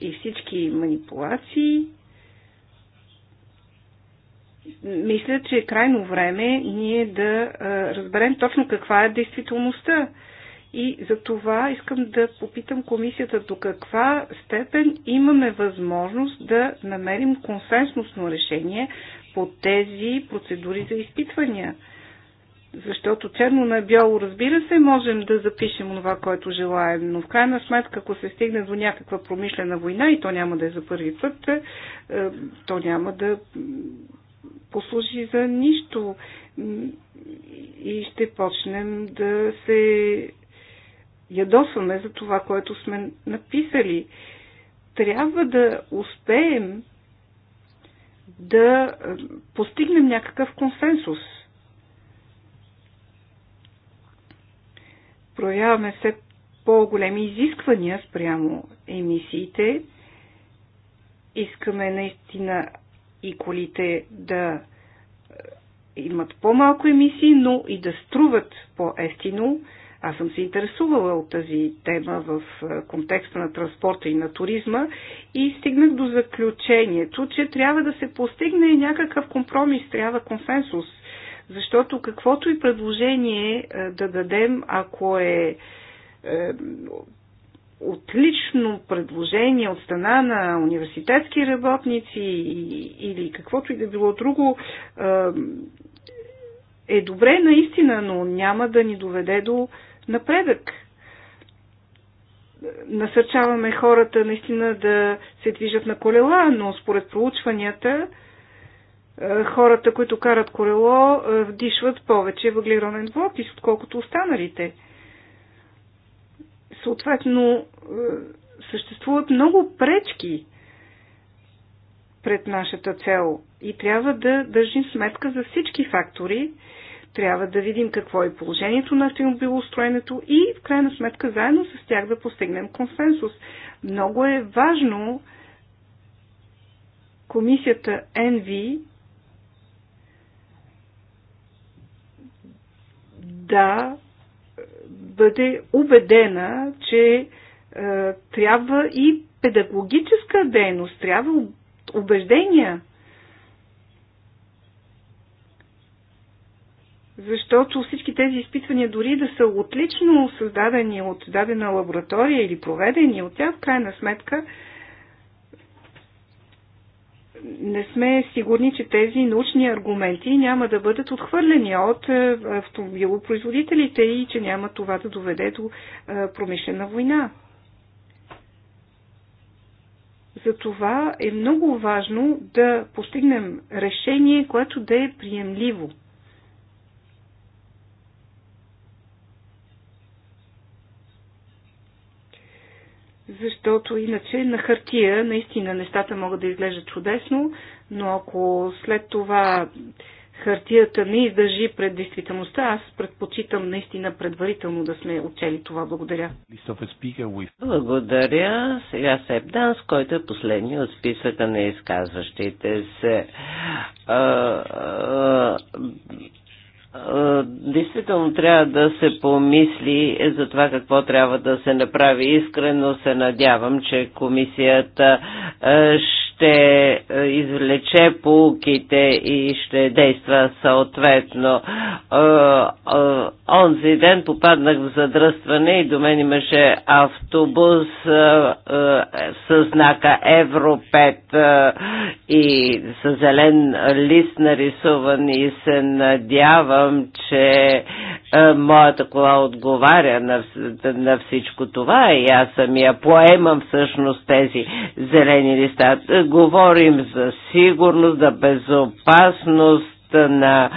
и всички манипулации. Мисля, че е крайно време ние да разберем точно каква е действителността. И за това искам да попитам комисията до каква степен имаме възможност да намерим консенсусно решение по тези процедури за изпитвания. Защото черно на бяло, разбира се, можем да запишем това, което желаем, но в крайна сметка, ако се стигне до някаква промишлена война и то няма да е за първи път, е, то няма да послужи за нищо и ще почнем да се ядосваме за това, което сме написали. Трябва да успеем да е, постигнем някакъв консенсус – проявяваме все по-големи изисквания спрямо емисиите. Искаме наистина и колите да е, имат по-малко емисии, но и да струват по-ефтино. Аз съм се интересувала от тази тема в е, контекста на транспорта и на туризма и стигнах до заключението, че трябва да се постигне някакъв компромис, трябва консенсус защото каквото и предложение е, да дадем, ако е, е отлично предложение от страна на университетски работници или каквото и да било друго, е, е добре наистина, но няма да ни доведе до напредък. Насърчаваме хората наистина да се движат на колела, но според проучванията е, хората, които карат колело, е, вдишват повече въглероден двуокис, отколкото останалите. Съответно, е, съществуват много пречки пред нашата цел и трябва да държим сметка за всички фактори. Трябва да видим какво е положението на автомобилостроенето и в крайна сметка заедно с тях да постигнем консенсус. Много е важно комисията NV да е, бъде убедена, че е, трябва и педагогическа дейност, трябва убеждения. Защото всички тези изпитвания, дори да са отлично създадени от дадена лаборатория или проведени от тях, в крайна сметка, не сме сигурни, че тези научни аргументи няма да бъдат отхвърлени от е, автомобилопроизводителите и че няма това да доведе до е, промишлена война. Затова е много важно да постигнем решение, което да е приемливо – защото иначе на хартия наистина нещата могат да изглеждат чудесно, но ако след това хартията не издържи пред действителността, аз предпочитам наистина предварително да сме отчели това. Благодаря. Благодаря. Сега Сеп Данс, който е последния от списъка на изказващите се. А, а, е, действително трябва да се помисли за това какво трябва да се направи. Искрено се надявам, че комисията ще ще е, извлече полуките и ще действа съответно. Е, е, онзи ден попаднах в задръстване и до мен имаше автобус с знака Евро 5 и с зелен лист нарисуван и се надявам, че моята кола отговаря на, на всичко това и аз самия поемам всъщност тези зелени листа говорим за сигурност, за безопасност, на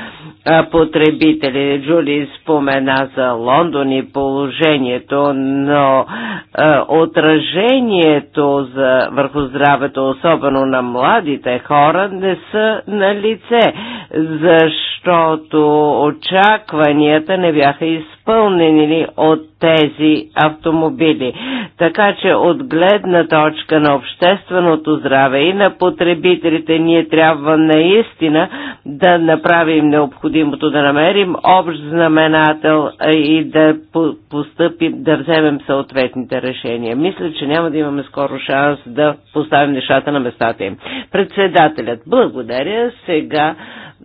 потребители. Джули спомена за Лондон и положението, но а, отражението за, върху здравето, особено на младите хора, не са на лице, защото очакванията не бяха изпълнени изпълнени от тези автомобили. Така че от гледна точка на общественото здраве и на потребителите ние трябва наистина да направим необходимото, да намерим общ знаменател и да постъпим, да вземем съответните решения. Мисля, че няма да имаме скоро шанс да поставим нещата на местата им. Председателят, благодаря. Сега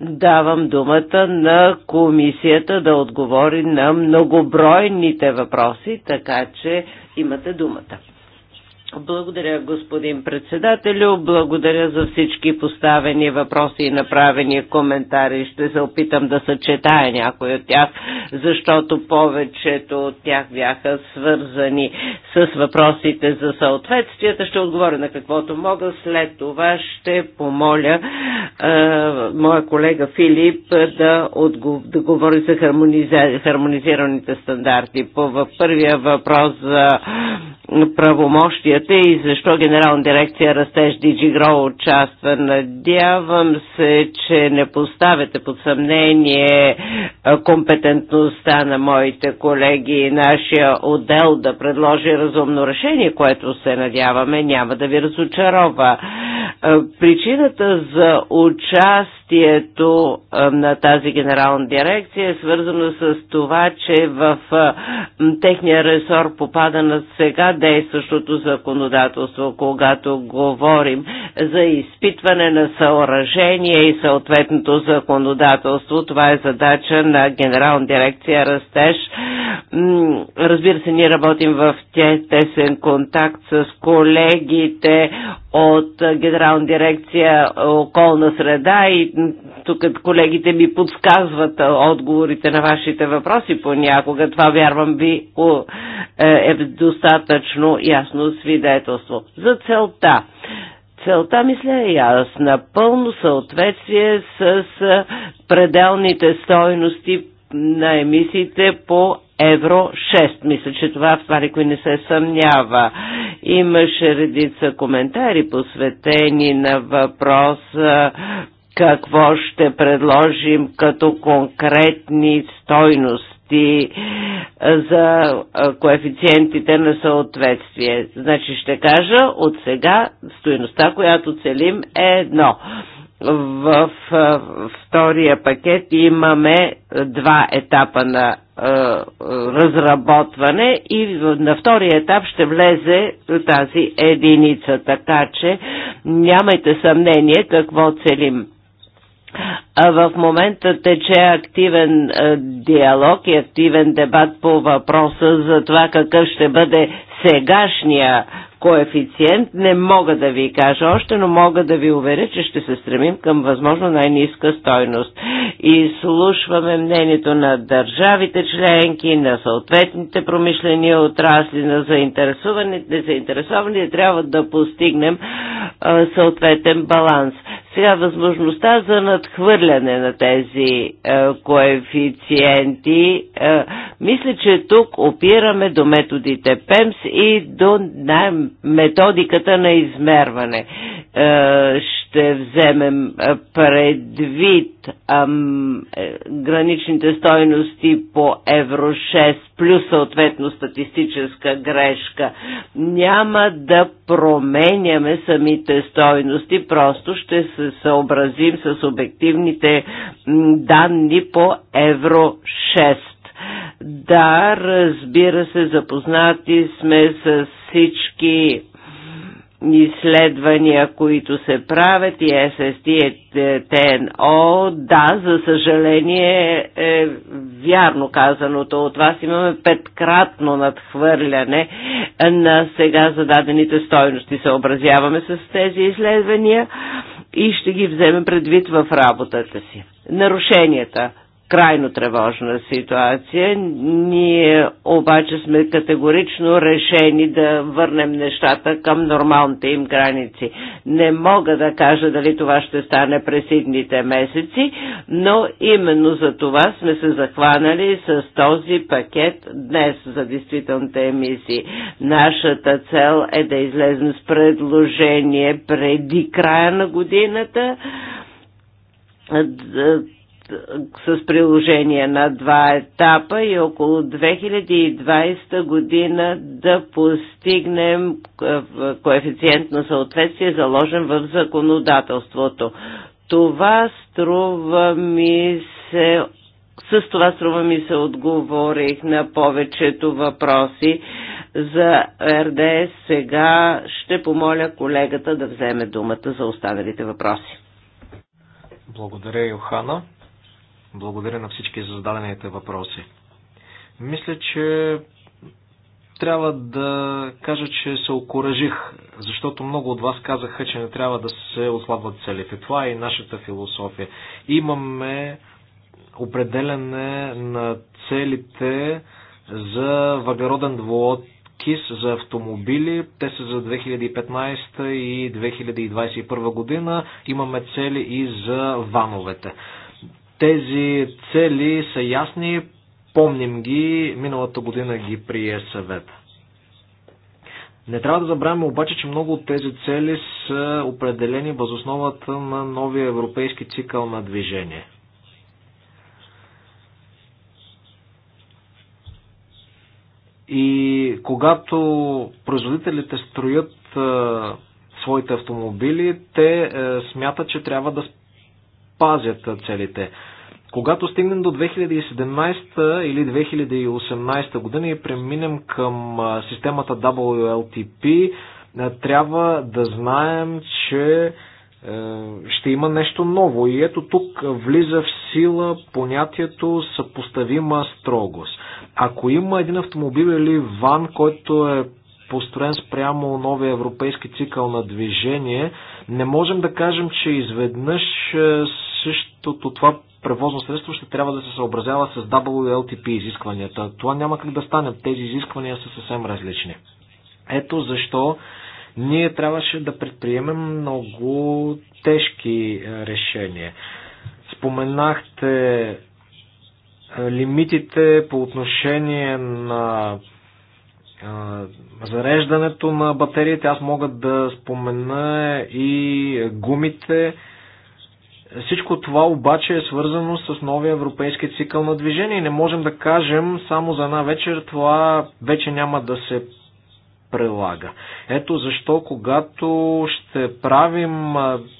Давам думата на комисията да отговори на многобройните въпроси, така че имате думата. Благодаря, господин председателю. Благодаря за всички поставени въпроси и направени коментари. Ще се опитам да съчетая някои от тях, защото повечето от тях бяха свързани с въпросите за съответствията. Ще отговоря на каквото мога. След това ще помоля е, моя колега Филип да, отгов... да говори за хармонизи... хармонизираните стандарти. По първия въпрос за правомощия комисията и защо Генерална дирекция Растеж Диджигро участва. Надявам се, че не поставяте под съмнение компетентността на моите колеги и нашия отдел да предложи разумно решение, което се надяваме няма да ви разочарова. Причината за участието на тази генерална дирекция е свързана с това, че в техния ресор попада на сега действащото законодателство законодателство, когато говорим за изпитване на съоръжение и съответното законодателство. Това е задача на Генерална дирекция Растеж. Разбира се, ние работим в тесен контакт с колегите от Генерална дирекция околна среда и тук колегите ми подсказват отговорите на вашите въпроси понякога. Това, вярвам ви, е, е достатъчно ясно Сви свидетелство. За целта. Целта, мисля, е ясна. Пълно съответствие с пределните стойности на емисиите по Евро 6. Мисля, че това в това никой не се съмнява. Имаше редица коментари посветени на въпроса какво ще предложим като конкретни стойности ти за коефициентите на съответствие. Значи ще кажа, от сега стоеността, която целим е едно. В втория пакет имаме два етапа на разработване и на втория етап ще влезе тази единица, така че нямайте съмнение какво целим в момента тече активен е, диалог и активен дебат по въпроса за това какъв ще бъде сегашния коефициент. Не мога да ви кажа още, но мога да ви уверя, че ще се стремим към възможно най-низка стойност. И слушваме мнението на държавите членки, на съответните промишлени отрасли, на заинтересованите. Заинтересованите трябва да постигнем е, съответен баланс. Сега възможността за надхвърляне на тези е, коефициенти, е, мисля, че тук опираме до методите ПЕМС и до най методиката на измерване. Е, ще вземем предвид ам, е, граничните стойности по Евро 6 плюс съответно статистическа грешка. Няма да променяме самите стойности, просто ще се съобразим с обективните данни по Евро 6. Да, разбира се, запознати сме с всички изследвания, които се правят, и SST, и е, е, ТНО. Да, за съжаление е, е вярно казаното от вас. Имаме петкратно надхвърляне на сега зададените стойности. Съобразяваме с тези изследвания и ще ги вземем предвид в работата си. Нарушенията крайно тревожна ситуация. Ние обаче сме категорично решени да върнем нещата към нормалните им граници. Не мога да кажа дали това ще стане през идните месеци, но именно за това сме се захванали с този пакет днес за действителните емисии. Нашата цел е да излезем с предложение преди края на годината с приложение на два етапа и около 2020 година да постигнем коефициент на съответствие, заложен в законодателството. Това струва ми се с това струва ми се отговорих на повечето въпроси за РДС. Сега ще помоля колегата да вземе думата за останалите въпроси. Благодаря, Йохана. Благодаря на всички за зададените въпроси. Мисля, че трябва да кажа, че се окоръжих, защото много от вас казаха, че не трябва да се отслабват целите. Това е и нашата философия. Имаме определене на целите за въглероден двуокис за автомобили. Те са за 2015 и 2021 година. Имаме цели и за вановете. Тези цели са ясни, помним ги, миналата година ги прие съвет. Не трябва да забравяме обаче, че много от тези цели са определени възосновата на новия европейски цикъл на движение. И когато производителите строят своите автомобили, те смятат, че трябва да Пазят целите. Когато стигнем до 2017 или 2018 година и преминем към системата WLTP, трябва да знаем, че ще има нещо ново. И ето тук влиза в сила понятието съпоставима строгост. Ако има един автомобил или ван, който е построен спрямо новия европейски цикъл на движение, не можем да кажем, че изведнъж е, същото това превозно средство ще трябва да се съобразява с WLTP изискванията. Това няма как да стане. Тези изисквания са съвсем различни. Ето защо ние трябваше да предприемем много тежки е, решения. Споменахте е, лимитите по отношение на зареждането на батериите. Аз мога да спомена и гумите. Всичко това обаче е свързано с новия европейски цикъл на движение. Не можем да кажем само за една вечер това вече няма да се прилага. Ето защо, когато ще правим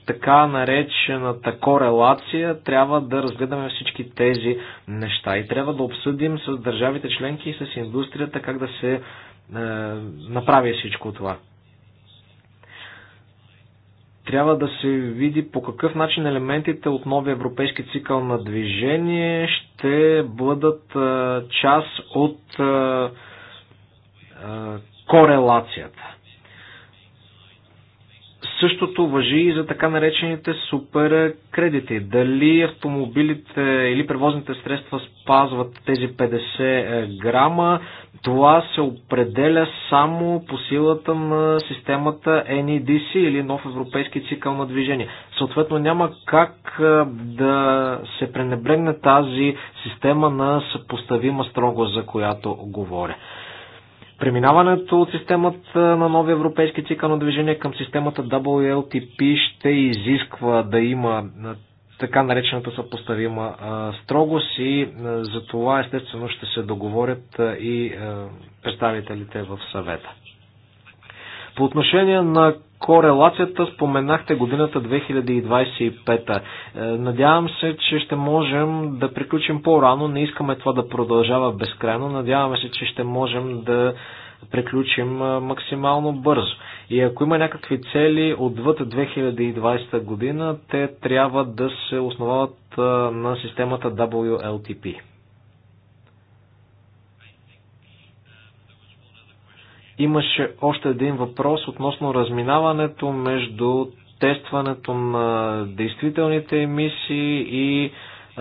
така наречената корелация, трябва да разгледаме всички тези неща и трябва да обсъдим с държавите членки и с индустрията как да се е, направи всичко това. Трябва да се види по какъв начин елементите от новия европейски цикъл на движение ще бъдат е, част от е, корелацията. Същото въжи и за така наречените супер кредити. Дали автомобилите или превозните средства спазват тези 50 е, грама, това се определя само по силата на системата NEDC или нов европейски цикъл на движение. Съответно няма как е, да се пренебрегне тази система на съпоставима строго, за която говоря. Преминаването от системата на нови европейски цикъл на движение към системата WLTP ще изисква да има така наречената съпоставима строгост и за това естествено ще се договорят и представителите в съвета. По отношение на корелацията споменахте годината 2025. Е, надявам се, че ще можем да приключим по-рано. Не искаме това да продължава безкрайно. Надяваме се, че ще можем да приключим е, максимално бързо. И ако има някакви цели отвъд 2020 година, те трябва да се основават е, на системата WLTP. Имаше още един въпрос относно разминаването между тестването на действителните емисии и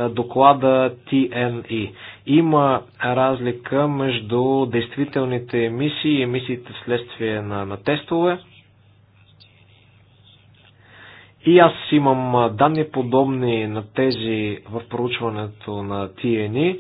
доклада TNE. Има разлика между действителните емисии и емисиите вследствие на, на тестове. И аз имам данни подобни на тези в проучването на TNE.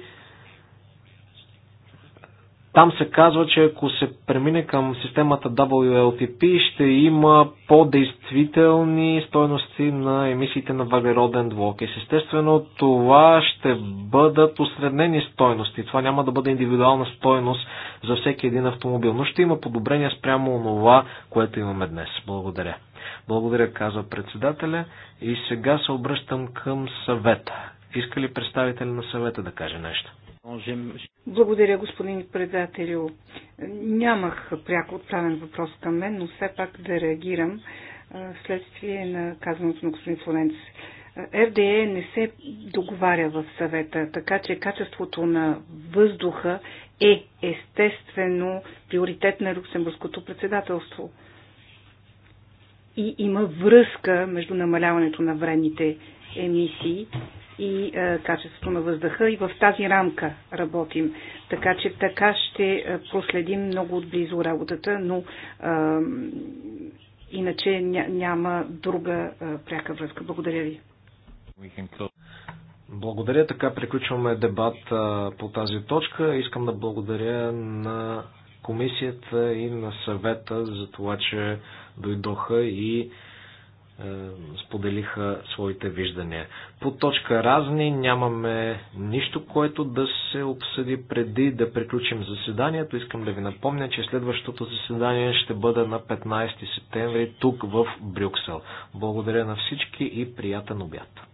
Там се казва, че ако се премине към системата WLTP, ще има по-действителни стойности на емисиите на въглероден двуокис. Естествено, това ще бъдат осреднени стойности. Това няма да бъде индивидуална стойност за всеки един автомобил, но ще има подобрения спрямо онова, което имаме днес. Благодаря. Благодаря, казва председателя. И сега се обръщам към съвета. Иска ли представителя на съвета да каже нещо? Благодаря, господин предателю. Нямах пряко отправен въпрос към мен, но все пак да реагирам вследствие на казаното на господин Флоренц. РДЕ не се договаря в съвета, така че качеството на въздуха е естествено приоритет на Люксембургското председателство. И има връзка между намаляването на вредните емисии и е, качеството на въздуха. И в тази рамка работим. Така че така ще е, проследим много отблизо работата, но е, иначе няма друга пряка връзка. Благодаря ви. Благодаря. Така приключваме дебат по тази точка. Искам да благодаря на комисията и на съвета за това, че дойдоха и е, споделиха своите виждания. По точка разни нямаме нищо, което да се обсъди преди да приключим заседанието. Искам да ви напомня, че следващото заседание ще бъде на 15 септември тук в Брюксел. Благодаря на всички и приятен обяд!